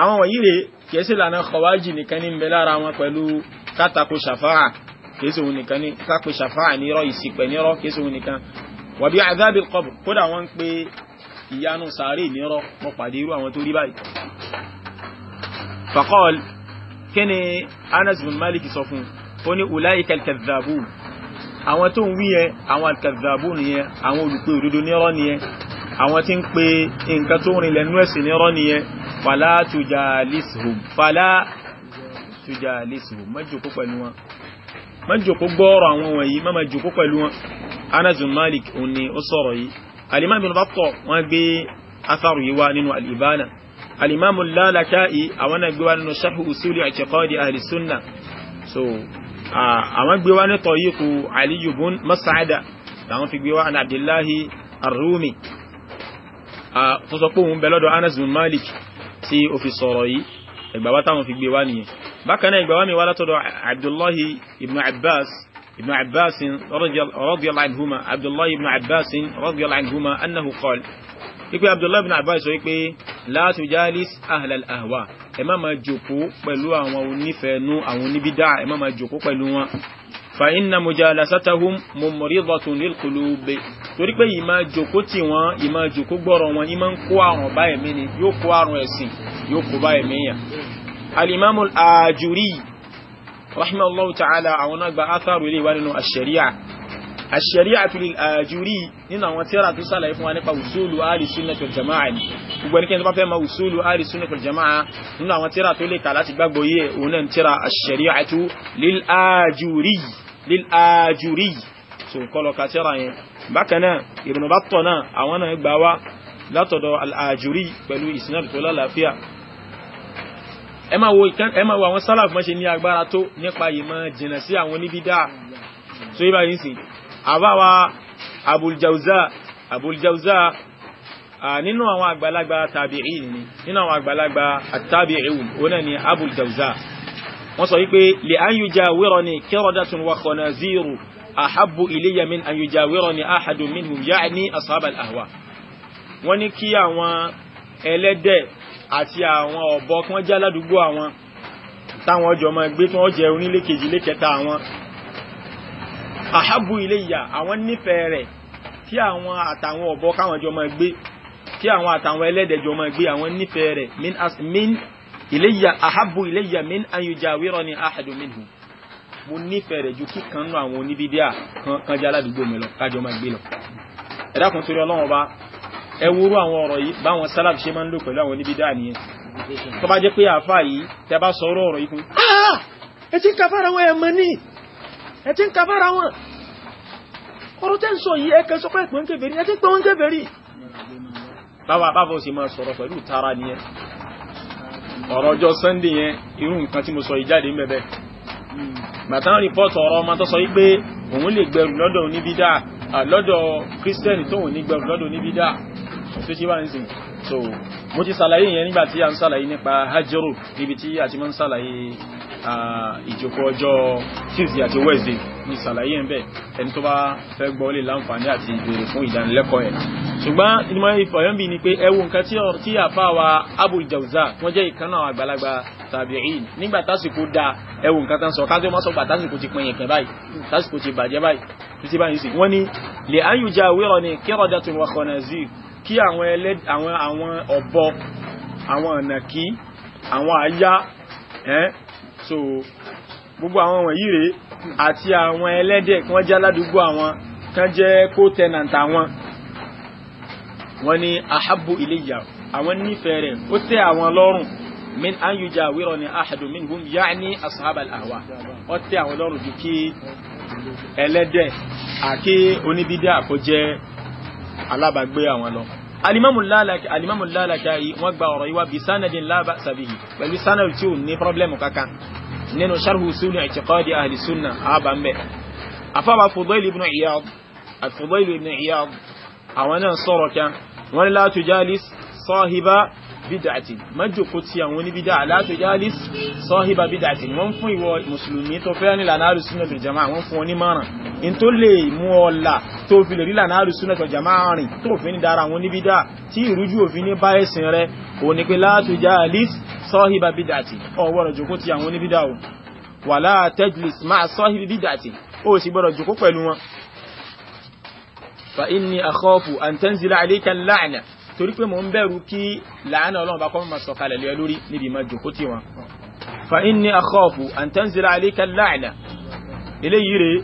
àwọn wọ̀nyí rèé kìí sí lànà kọwájì nìkan ní bẹ lára wọn pẹ̀lú kátàkù ṣàfáà kìí sí nìkan ní kápẹ́ ṣàfáà nírọ́ ìsìpẹ̀ nírọ́ kìí sí òun nìkan wọ́n bí àdábì kọ́bùr kódà wọ́n ń pe ìyanu sàárè nírọ́ mo pàdé irú àwọn tó rí báyìí faqal kí ni anas bin malik sọ fún ó ní ulaika al-kadhdhabun àwọn tó ń wí yẹn àwọn al-kadhdhabun nìyẹn àwọn olùpè òdodo nírọ́ nìyẹn àwọn tí ń pe nǹkan tó rìn lẹ́nu ẹ̀sìn nírọ́ nìyẹn fala tujalishum fala tujalishum má jókòó pẹ̀lú wọn má alimamu lalaka'i àwọn náà gbéwá nínú sharhu usuli i'tiqadi ahli sunna so àwọn gbéwá ní tariqu aliyu bun mas'ada làwọn fi gbéwá ní abdullahi arrumi tó sọ pé òun bẹ lọ́dọ̀ anas bin malik tí ó fi sọ̀rọ̀ yìí ìgbàwá táwọn fi gbéwá nìyẹn bákan náà ìgbàwá mi wá látọ̀dọ̀ abdullahi ibn abbas ابن عباس رضي الله عنهما عبد الله بن عباس رضي الله عنهما أنه قال wípé abdullahi bin abbas sọ wípé la tujalis ahlal ahwa ẹ má ma jòkó pẹ̀lú àwọn onífẹ̀ẹ́nú àwọn oníbídá ẹ má ma jòkó pẹ̀lú wọn fa inna mujalasatahum mumridatun lil qulub torí pé ìmá jòkó tí wọn ìmá jòkó gbọ́rọ̀ wọn ìmá ń kó àrùn bá ẹ̀mí ni yóò kó àrùn ẹ̀sìn yóò kó bá ẹ̀mí yàn alimamu ajuri rahimahullahu ta'ala àwọn náà atharu ilé wa nínú àṣẹríà àṣẹríàtù àjúrí nínú àwọn tíra tó sàlàyé fún wa nípa usulu ahli sunnah wal jama'a ni gbogbo ẹnikẹ́ni tó bá fẹ́ mọ usulu ahli sunnah wal jama'a nínú àwọn tíra tó lè kà láti gbàgbọ́ yé òun náà tíra àṣẹríàtù lil àjúrí lil àjúrí so kọlọ ka tíra yẹn bákan náà Ibn Battah náà àwọn náà gbà wá àbáwa abuljauza abuljauza nínú àwọn àgbàlagbà tabi'in ni nínú àwọn àgbàlagbà àtàbí'in òun náà ni abuljauza wọ́n sọ wípé lè an yujawirani qiradatun wa khanaziru ahabbu ilayya min an yujawirani ahadun minhum ya'ni ashabal ahwa wọ́n ní kí àwọn ẹlẹ́dẹ̀ àti àwọn ọ̀bọ kí wọ́n jẹ́ aládùúgbò àwọn táwọn ọjọ́ máa gbé tí wọ́n jẹ onílékejì Ahabu ileya, ìyà àwọn nífẹ̀ẹ́ rẹ̀ tí àwọn àtàwọn ọ̀bọ káwọn jọ máa gbé tí àwọn àtàwọn ẹlẹ́dẹ̀ jọ máa gbé àwọn nífẹ̀ẹ́ rẹ̀ min as min ileya ahabu ileya ilé ìyà min ayùjáwérọ ni ahadu minhu mo nífẹ̀ẹ́ rẹ̀ ju kíkan nù àwọn oníbídíà kan jẹ́ aládùúgbò mi lọ kájọ máa gbé lọ ẹ̀dá kan torí ọlọ́run ọba ẹ wúrú àwọn ọ̀rọ̀ yìí báwọn sálàbù ṣe máa ń lò pẹ̀lú àwọn oníbídíà nìyẹn tó bá jẹ́ pé àáfàá yìí tẹ bá sọ ọ̀rọ̀ yìí fún ẹ ti kàfàrà wọn ẹ̀ mọ́ ní ẹ ti ń ka fára wọn ọ̀rọ̀ tẹ́ ń sọ yìí ẹkẹ sọ pé ìpín kèfèrí ẹ ti ń pẹ́ wọn kèfèrí sì máa sọ̀rọ̀ pẹ̀lú ìtara nìyẹn ọ̀rọ̀ ọjọ́ sunday yẹn irú nǹkan tí mo sọ yìí jáde ń bẹ̀bẹ̀ màtán rìpọ́tù ọ̀rọ̀ ọmọ tó sọ yìí pé òun lè gbẹrù lọ́dọ̀ oníbídà lọ́dọ̀ kírísítẹ́nì tóun ní gbẹrù lọ́dọ̀ oníbídà tó ṣe wá nísìn so mo ti ṣàlàyé yẹn nígbà tí a ń ṣàlàyé nípa hajjoro níbi tí a ti máa ń ṣàlàyé ìjókòó ọjọ́ tuesday àti wednesday ní ṣàlàyé ẹ̀ ń bẹ̀ ẹni tó bá fẹ́ gbọ́ lè láǹfààní àti ìbéèrè fún ìdánilẹ́kọ̀ọ́ ẹ̀ ṣùgbọ́n ìmọ̀ ìfọ̀yọ́mbì ni pé ẹ wo nǹkan tí àfa wa abu jauza wọ́n jẹ́ ìkan náà àgbàlagbà tàbíìn nígbà tásìkò da ẹ wo nǹkan tán sọ kájọ́ má sọ gbà tásìkò ti pin yẹ̀kẹ́ báyìí tásìkò ti bàjẹ́ báyìí títí báyìí sì wọ́n ní lè áyùjá wíwọ̀ ni kírọ̀dọ̀tún wa khanazir kí àwọn ọ̀bọ àwọn so gbogbo àwọn wọ̀nyí rèé àti àwọn ẹlẹ́dẹ̀ kí wọ́n jẹ́ aládùúgbò àwọn kan jẹ́ co-tenant àwọn wọ́n ní ahabu iléyà àwọn nífẹ̀ẹ́ rẹ̀ ó tẹ́ àwọn lọ́rùn min an yuja wíro ni ahadu min hum yaani asahaba al-ahwa ó tẹ́ àwọn lọ́rùn ju kí ẹlẹ́dẹ̀ àti oníbídà kó jẹ́ alábàgbé àwọn lọ alimamu lalaki alimamu lalaki wọ́n gba ọ̀rọ̀ yìí wá bi sanadin la ba'sa bihi pẹ̀lú sanadu tí ò ní pọ́blẹ́mù kankan nínú sharhu sunni i'tiqadi ahli sunna àbá ń bẹ̀. afáwa Fudail ibn Iyad Fudail ibn Iyad àwọn náà sọ̀rọ̀ kan wọ́n ní la tujalis sahiba bid'atin májòkó ti àwọn oníbídà la tujalis sahiba bid'atin wọ́n fún ìwọ mùsùlùmí tó fẹ́ ní lànàrù sunnah wal jama'a wọ́n fún ọ ní márùn in tó lè mú ọ̀la tó fi lè rí lànàrù sunnah wal jama'a rìn tó fi ní dára àwọn oníbídà tí ìrújú òfin ní bá ẹ̀sìn rẹ ò ní pé la tujalis sahiba bid'atin ọwọ́ rẹ̀ jòkó ti àwọn oníbídà o wala tajlis ma'a sahibi bid'atin ó sì gbọ́dọ̀ jòkó pẹ̀lú wọn fa inni akhafu an tanzila alayka torí pé mò ń bẹ̀rù kí làánà ọlọ́run bá kọ́ mọ́ sọ̀kalẹ̀ lé lórí níbi máa jòkó tí wọn. fa inni akhafu an tanzila alayka al-la'na eléyìí rèé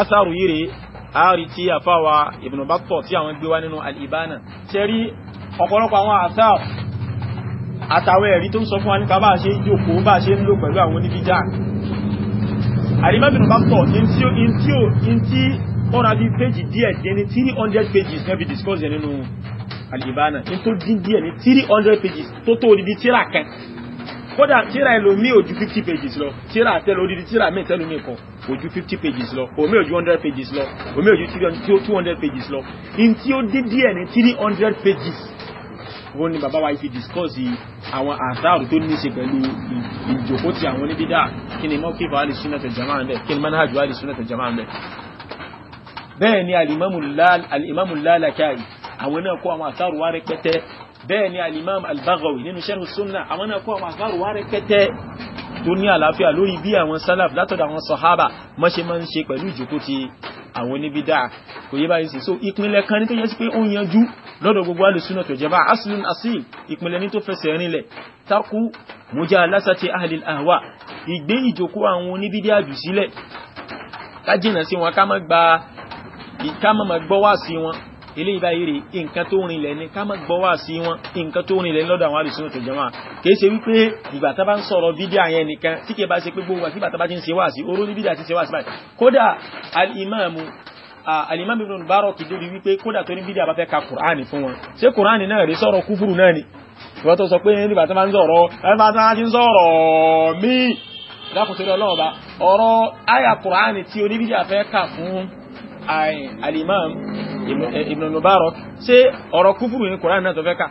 asaru yìí rèé àárí tí àfáwà Ibn Battah tí àwọn gbé wá nínú al-Ibana ṣe rí ọ̀pọ̀lọpọ̀ àwọn àsáà àtàwọn ẹ̀rí tó ń sọ fún wa nípa bá ṣe jókòó bá ṣe ń lò pẹ̀lú àwọn oníbídà àríbábìnú bá pọ̀ in tí ó rábí péjì díẹ̀ tí ní 300 pages ní ẹbí discuss nínú alìbánà ní tó dín díẹ̀ ní three hundred pages tó tó odidi tíra kan kódà tíra ẹlòmíì ojú fifty pages lọ tíra àtẹlẹ odidi tíra míì tẹlòmíì kan ojú fifty pages lọ omi ojú hundred pages lọ omi ojú two hundred pages lọ ní tí ó dín díẹ̀ ní three hundred pages wọ́n ní bàbá wa fi discuss àwọn àtàrù tó ní ṣe pẹ̀lú ìjòkó ti àwọn oníbídà kí ni mọ́kí fà alìsúnà tẹ̀ jama ń bẹ̀ kí ni manhajù alìsúnà tẹ̀ jama ń bẹ̀ bẹ́ẹ̀ ni alìmọ́mù lálàkáì àwọn náà kó àwọn àtàrù wá rẹpẹtẹ bẹ́ẹ̀ ni alimam albagawi nínú sẹ́nu sunna àwọn náà kó àwọn àtàrù wá rẹpẹtẹ tó ní àlàáfíà lórí bí àwọn salaf látọ̀dọ̀ àwọn sọ̀hábà mọ́ máa ń ṣe pẹ̀lú ìjókòó ti àwọn oníbídà kò yé báyìí sí so ìpínlẹ̀ kan ní tó yẹ sí pé ó ń yanjú lọ́dọ̀ gbogbo alùsùnà tó jẹba aslun asil ìpínlẹ̀ ní tó fẹsẹ̀ rinlẹ̀ takú mujalasati ahlil ahwa ìgbé ìjókòó àwọn oníbídà jù sílẹ̀ ká jìnà sí wọn ká má gbọ́ wá sí wọn eléyìí báyìí rè nǹkan tó rinlẹ̀ ni ká má gbọ́ wá sí wọn nǹkan tó rinlẹ̀ ni lọ́dọ̀ àwọn àlùsùn tó jẹun à kìí ṣe wípé ìgbà tá a bá ń sọ̀rọ̀ bídíà yẹn nìkan tí kìí bá ṣe pé gbogbo àti ìgbà tá a bá ti ń ṣe wá sí oró ní bídíà ti ṣe wá sí báyìí kódà alimami alimami ibn Mubarak débi wípé kódà tó ní bídíà bá ka Kùránì fún wọn ṣé Kùránì náà rí sọ̀rọ̀ kúfùrù náà ni alimam ibn eh, mubarak ṣe ọ̀rọ̀ kúfùrù ní koran náà tó fẹ́ ká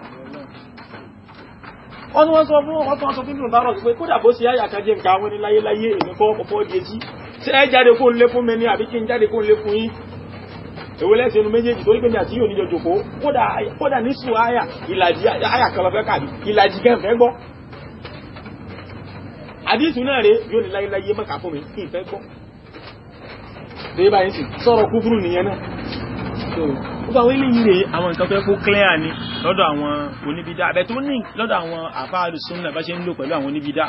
wọ́n wọ́n sọ fún ọkọ̀ sọ fún mubarak pé kódà bó ṣe yáyà kájẹ nǹkan àwọn ní láyé láyé èmi kọ́ ọ̀pọ̀ dèjì ṣe ẹ jáde kó ń lé fún mi ní àbí kí n jáde kó ń lé fún yín èwo lẹ́sẹ̀ inú méjèèjì torí pé mi àti yóò níjọ jòkó kódà ní sùn àyà ìlàjì àyà kan lọ kàbí ìlàjì gẹ́ fẹ́ gbọ́ àdìsù náà rèé yóò ní láyé mọ́ka fún mi kí n fẹ́ gbọ́ ṣe báyìí sì sọ̀rọ̀ kúfúrú nìyẹn náà gbogbo àwọn eléyìí rèé àwọn nǹkan fẹ́ kó clear ni lọ́dọ̀ àwọn oníbídà abẹ tó ní lọ́dọ̀ àwọn àfáàlù súnà bá ṣe ń lò pẹ̀lú àwọn oníbídà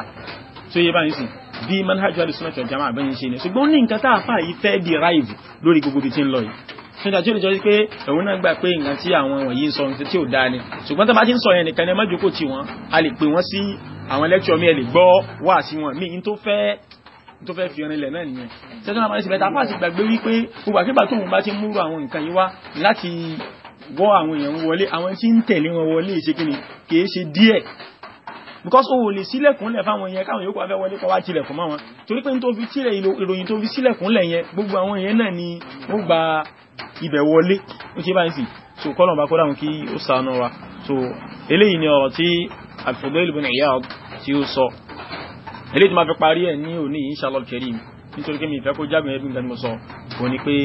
tó yé báyìí sì bí manhajj alusuna tó jama àbẹ́yìn ṣe ni ṣùgbọ́n ní nǹkan tá a fà yìí fẹ́ derive lórí gbogbo ibi tí ń lọ yìí nígbà tí ó lè jọ pé òun náà gbà pé nǹkan tí àwọn wọ̀nyí ń sọ nǹkan tí ò dáa ni ṣùgbọ́n tó bá ti ń sọ yẹn nìkan ni ẹ má jókòó tì wọ́n a lè pè wọ́n sí àwọn lẹ́kṣọ̀ mi ẹ lè gbọ́ wá sí wọn míì tó fẹ́ tó fẹ́ fi ọrin lẹ̀ náà nìyẹn sẹ́tọ́ náà máa ń ṣe bẹ́tà fáàsì gbàgbé wípé gbogbo àkígbà tóun bá ti múrò àwọn nǹkan yìí wá láti wọ́ àwọn èèyàn wọlé àwọn tí ń tẹ̀lé wọn wọlé ṣe kí ni kì í ṣe díẹ̀ because o ò lè sílẹ̀kùnlẹ̀ fáwọn èèyàn káwọn yòókù afẹ́ wọlé kọ́ wá tilẹ̀ fún máwọn torí pé tó fi ìròyìn tó fi sílẹ̀kùnlẹ̀ yẹn gbogbo àwọn èèyàn náà ni ó gba ibẹ̀ wọlé ó ṣe báyìí sì so kọ́lọ̀ bá kọ́dà wọn kí ó sànú wa so eléyìí ni ọ̀rọ̀ tí Al-Fudail ibn Iyad tí ó sọ eléyìí tí ma fi parí ẹ̀ ní òní inshallah karim nítorí kí mi ìfẹ́ kó jágùn ẹ̀dùn ìgbà ni mo sọ òun ni pé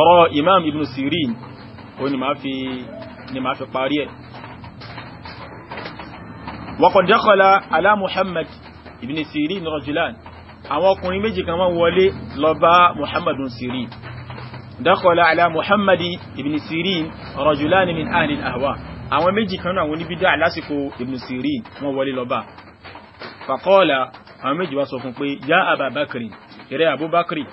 ọ̀rọ̀ imam ibn sirin òun ni máa fi ni máa fi parí ẹ̀ waqad dakhala ala muhammad ibn sirin rajulan àwọn ọkùnrin méjì kan wọ́n wọlé lọ bá muhammad ibn sirin dakhala ala muhammad ibn sirin rajulan min ahli ahwa àwọn méjì kan náà wọ́n ní bídá lásìkò ibn sirin wọ́n wọlé lọ fàkọ́ọ̀lá àwọn méjì wá sọ fún pé yá àbàbákiri ìrẹ́ àbúbákiri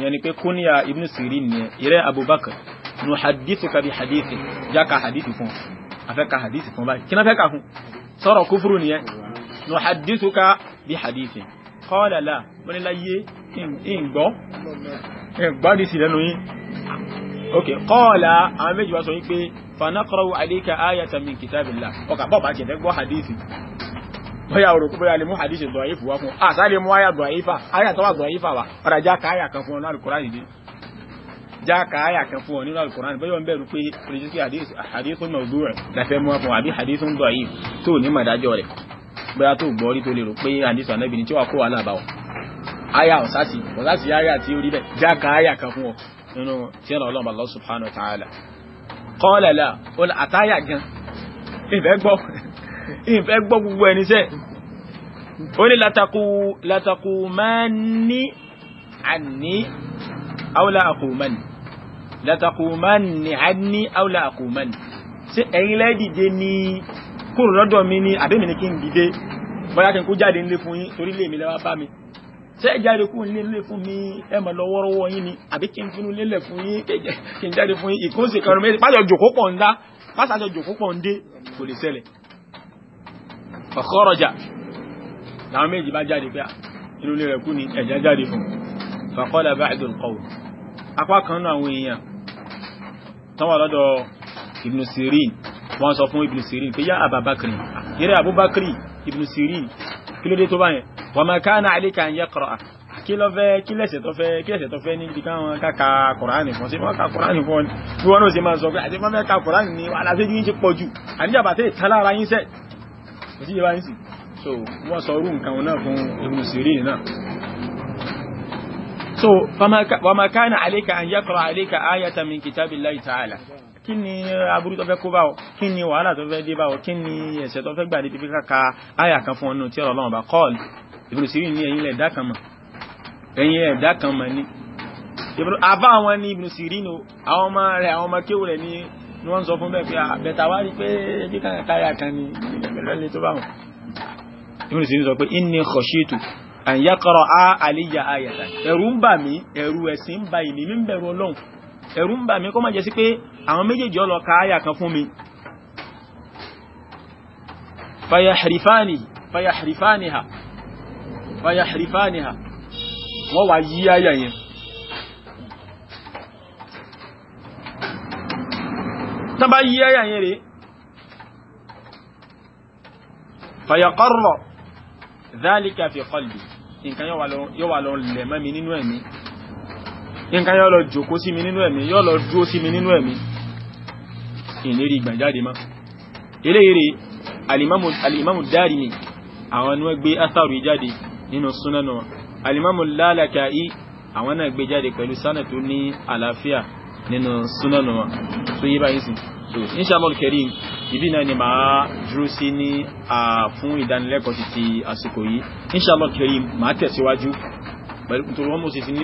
yẹni pé kúníyà ibn sirin ni ìrẹ́ àbúbákiri nù hadithu kàbí hadithi já ka hadithi fún afẹ́ ka hadithi fún báyìí kíná fẹ́ ka fún sọ̀rọ̀ kúfúrú ni yẹn nù hadithu ka bí hadithi kọ́ọ̀lá là ìgbọ́ bóyá orò bóyá lè mú hadith dọ̀ífù wá fún àṣà lè mú àyà dọ̀ífà àyà tó wà dọ̀ífà wá ọ̀rà já ka àyà kan fún ọ nínú Al-Qur'an nìdí já ka àyà kan fún ọ nínú Al-Qur'an bóyá ń bẹ̀rù pé rìjísí hadith mawdu' rẹ̀ láfẹ́ mú fún àbí hadith dọ̀ífù tó ní màdájọ́ rẹ̀ bóyá tó gbọ́ rí tó lè rò pé hadith Ànábì ni tí wà kó wà láàbà wọn àyà ọ̀sátì ọ̀sátì àyà tí ó bẹ́ẹ̀ ìfẹ́ gbọ́ gbogbo ẹni sẹ́ ó ní látakù máa ní àní àwòlá àkùmánì látakù máa ní àní àwòlá àkùmánì ṣé ẹ̀yin lẹ́ dìde ní kúrò lọ́dọ̀ mi ní àbẹ́mi ní kí n dìde bọ́yá kí n kó jáde nílé fún yín torí lè mi lẹ́wà bá mi ṣé ẹ jáde kúrò nílé nílé fún mi ẹ mọ̀ lọ wọ́rọ́wọ́ yín ni àbí kí n finú lélẹ̀ fún yín kí n jáde fún yín ìkóńsè mẹ́rin pásọ̀ jòkó pọ̀ ń dá pásọ̀ jòkó pọ̀ ń dé kò lè ṣẹlẹ̀ fàkọ́rọ̀jà làwọn méjì bá jáde pé inú ilé rẹ̀ kú ni ẹ̀já jáde fún fàkọ́lá ba'du al-qawl apá kan náà àwọn èèyàn tán wà lọ́dọ̀ ibn sirin wọ́n sọ fún ibn sirin pé yá àbàbákiri yẹ́rẹ́ àbúbákiri ibn sirin kí ló dé tó báyẹn wa ma kana alayka an yaqra'a kí ló fẹ́ kí lẹ́sẹ̀ tó fẹ́ kí lẹ́sẹ̀ tó fẹ́ ní ibi káwọn káka kùránì fún sí wọ́n ká kùránì fún ọ ní wọ́n náà sì máa sọ pé àti wọ́n fẹ́ ká kùránì ní aláfẹ́jú yín ti pọ̀ jù àníjàbàtẹ́ ìtalára yín sẹ́ kò sí yíba nísì so wọ́n sọ orú nǹkan náà fún Ibn Sirin náà so wa ma kana alayka an yaqra alayka ayatan min kitabillahi ta'ala kí ni aburú tó fẹ́ kó bá ọ kí ni wàhálà tó fẹ́ dé bá ọ kí ni ẹ̀ṣẹ̀ tó fẹ́ gbà dé pípé káka àyà kan fún ọnù tí ọ̀rọ̀ ọlọ́run bá kọ́ọ̀lù Ibn Sirin ní ẹ̀yin ẹ̀dá kan mọ̀ ẹ̀yin ẹ̀dá kan mọ̀ ni àbá àwọn ní Ibn Sirin ní àwọn ọmọ rẹ̀ àwọn ọmọ kéwù rẹ̀ ní ni wọ́n sọ fún bẹ́ẹ̀ pé àbẹ̀tà wá rí pé ẹbí kankan káyà kan ni pẹ̀lú ẹni tó bá wọn. ìwọ̀n sì ń sọ pé inni khashitu an yaqra'a alayya ayatan ẹ̀rù ń bà mí ẹ̀rù ẹ̀sìn ń bà ìní mi ń bẹ̀rù ọlọ́run ẹ̀rù ń bà mí kó má jẹ́ sí pé àwọn méjèèjì ọlọ ka àyà kan fún mi. fayahrifani wọ́n wá yí àyà yẹn tán bá yí àyà yẹn rèé fàyàkọ́rọ̀ dhalika fi qalbi nǹkan yóò wà lọ lẹ̀ mọ́ mi nínú ẹ̀mí nǹkan yóò lọ jòkó sí mi nínú ẹ̀mí yóò lọ dúró sí mi nínú ẹ̀mí ìlérí ìgbàjáde má eléyìí alimamu Darimi àwọn ni wọ́n gbé atharu jáde nínú súnánù alimamu Lalaka'i àwọn náà jáde pẹ̀lú sánà tó ní àlàáfíà nínú súnánù wọn tó yé báyìí sí so inshallah kerim ibi náà ni màá dúró sí ní fún ìdánilẹ́kọ̀ọ́ ti ti àsìkò yìí inshallah kerim màá tẹ̀síwájú pẹ̀lú nítorí wọn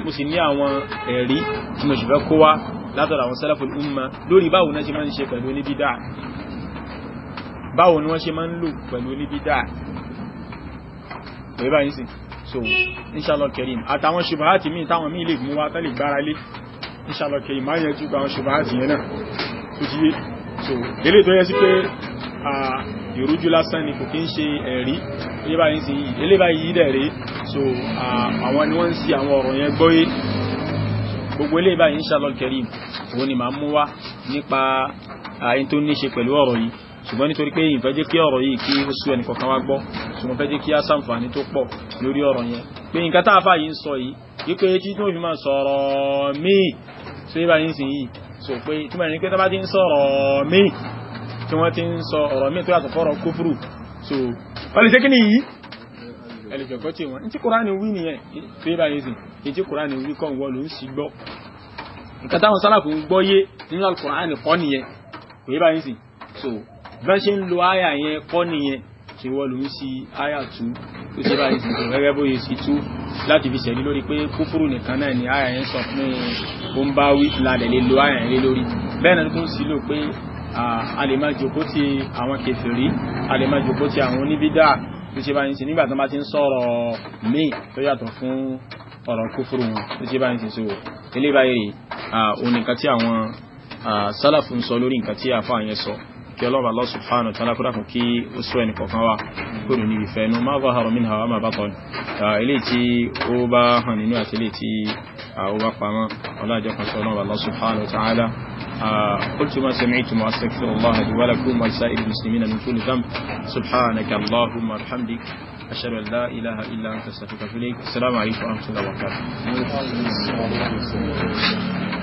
mo sì ní àwọn ẹ̀rí tí mo sì fẹ́ kó wá látọ̀dọ̀ àwọn salaful umma lórí báwo náà ṣe máa ń ṣe pẹ̀lú oníbídà báwo ni wọ́n ṣe máa ń lò pẹ̀lú oníbídà pẹ̀lú báyìí sí so inshallah kerim àtàwọn ṣùgbọ́n àti míì táwọn míì lè mú ìṣàlọ̀kẹ̀ ìmáyẹjú gba ṣùgbà àdìyàn náà tó jíye so ilé tó yẹ sí pé à ìrújú lásán ni kò kí ń ṣe ẹ̀rí ilé báyìí sí ilé báyìí so àwọn ni wọ́n ń sí àwọn ọ̀rọ̀ yẹn gbọ́yé gbogbo ilé báyìí ìṣàlọ̀kẹ̀rí òun ni màá mú wá nípa àyín tó ní ṣe pẹ̀lú ọ̀rọ̀ yìí ṣùgbọ́n nítorí pé ìfẹ́ jẹ́ kí ọ̀rọ̀ yìí kí ó sú ẹnìkọ̀ọ̀kan wá gbọ́ ṣùgbọ́n fẹ́ jẹ́ kí á ṣàǹfààní tó pọ̀ lórí ọ̀rọ̀ yẹn pé nǹkan tá a yìí ń sọ yìí wípé tí tó fi máa sọ̀rọ̀ míì tó yẹ bá yín yìí sọ pé tí wọ́n ní pé tó bá ti ń sọ̀rọ̀ míì tí wọ́n ti ń sọ ọ̀rọ̀ míì tó yàtọ̀ fọ́rọ̀ kúfúrú so wọ́n lè ṣe yìí ẹlẹ́jọ̀kọ́ tí wọ́n tí kúránì wí nìyẹn tó yẹ bá yín sìn èyí tí kúránì wí kọ́ wọ́n ló ń sì gbọ́ nǹkan táwọn sálàkù ń gbọ́ yé nínú alukùránì ṣe wọ́lú sí àyà 2 tó ṣe bá ìsìnkú gẹ́gẹ́ bó yẹ sí 2 láti fi ṣẹ̀rí lórí pé kúfúrú nìkan náà ni àyà yẹn sọ fún ó ń bá wí lálẹ̀ lè lo àyà yẹn lórí bẹ́ẹ̀ náà tó ń sí lò pé a lè máa jòkó ti àwọn kèfèrí a lè máa jòkó ti àwọn oníbídà tó ṣe bá ń sìn nígbà tó bá ti ń sọ̀rọ̀ míì tó yàtọ̀ fún ọ̀rọ̀ kúfúrú wọn tó ṣe bá ń sìn sọ lórí kí ọlọ́ba Allah subhanahu wa ta'ala kó dákun kí ó sọ ẹnì kọ̀ọ̀kan wa kúrò ní ìfẹ́ inú ma zahara minha wa ma batan ilé tí ó bá hàn nínú àti ilé tí ó bá pamọ́ ọlájọ́ sọ قلت ما سمعتم واستغفر الله لي ولكم ولسائر المسلمين من كل سبحانك اللهم وبحمدك أشهد أن لا إله إلا أنت أستغفرك إليك السلام عليكم ورحمة الله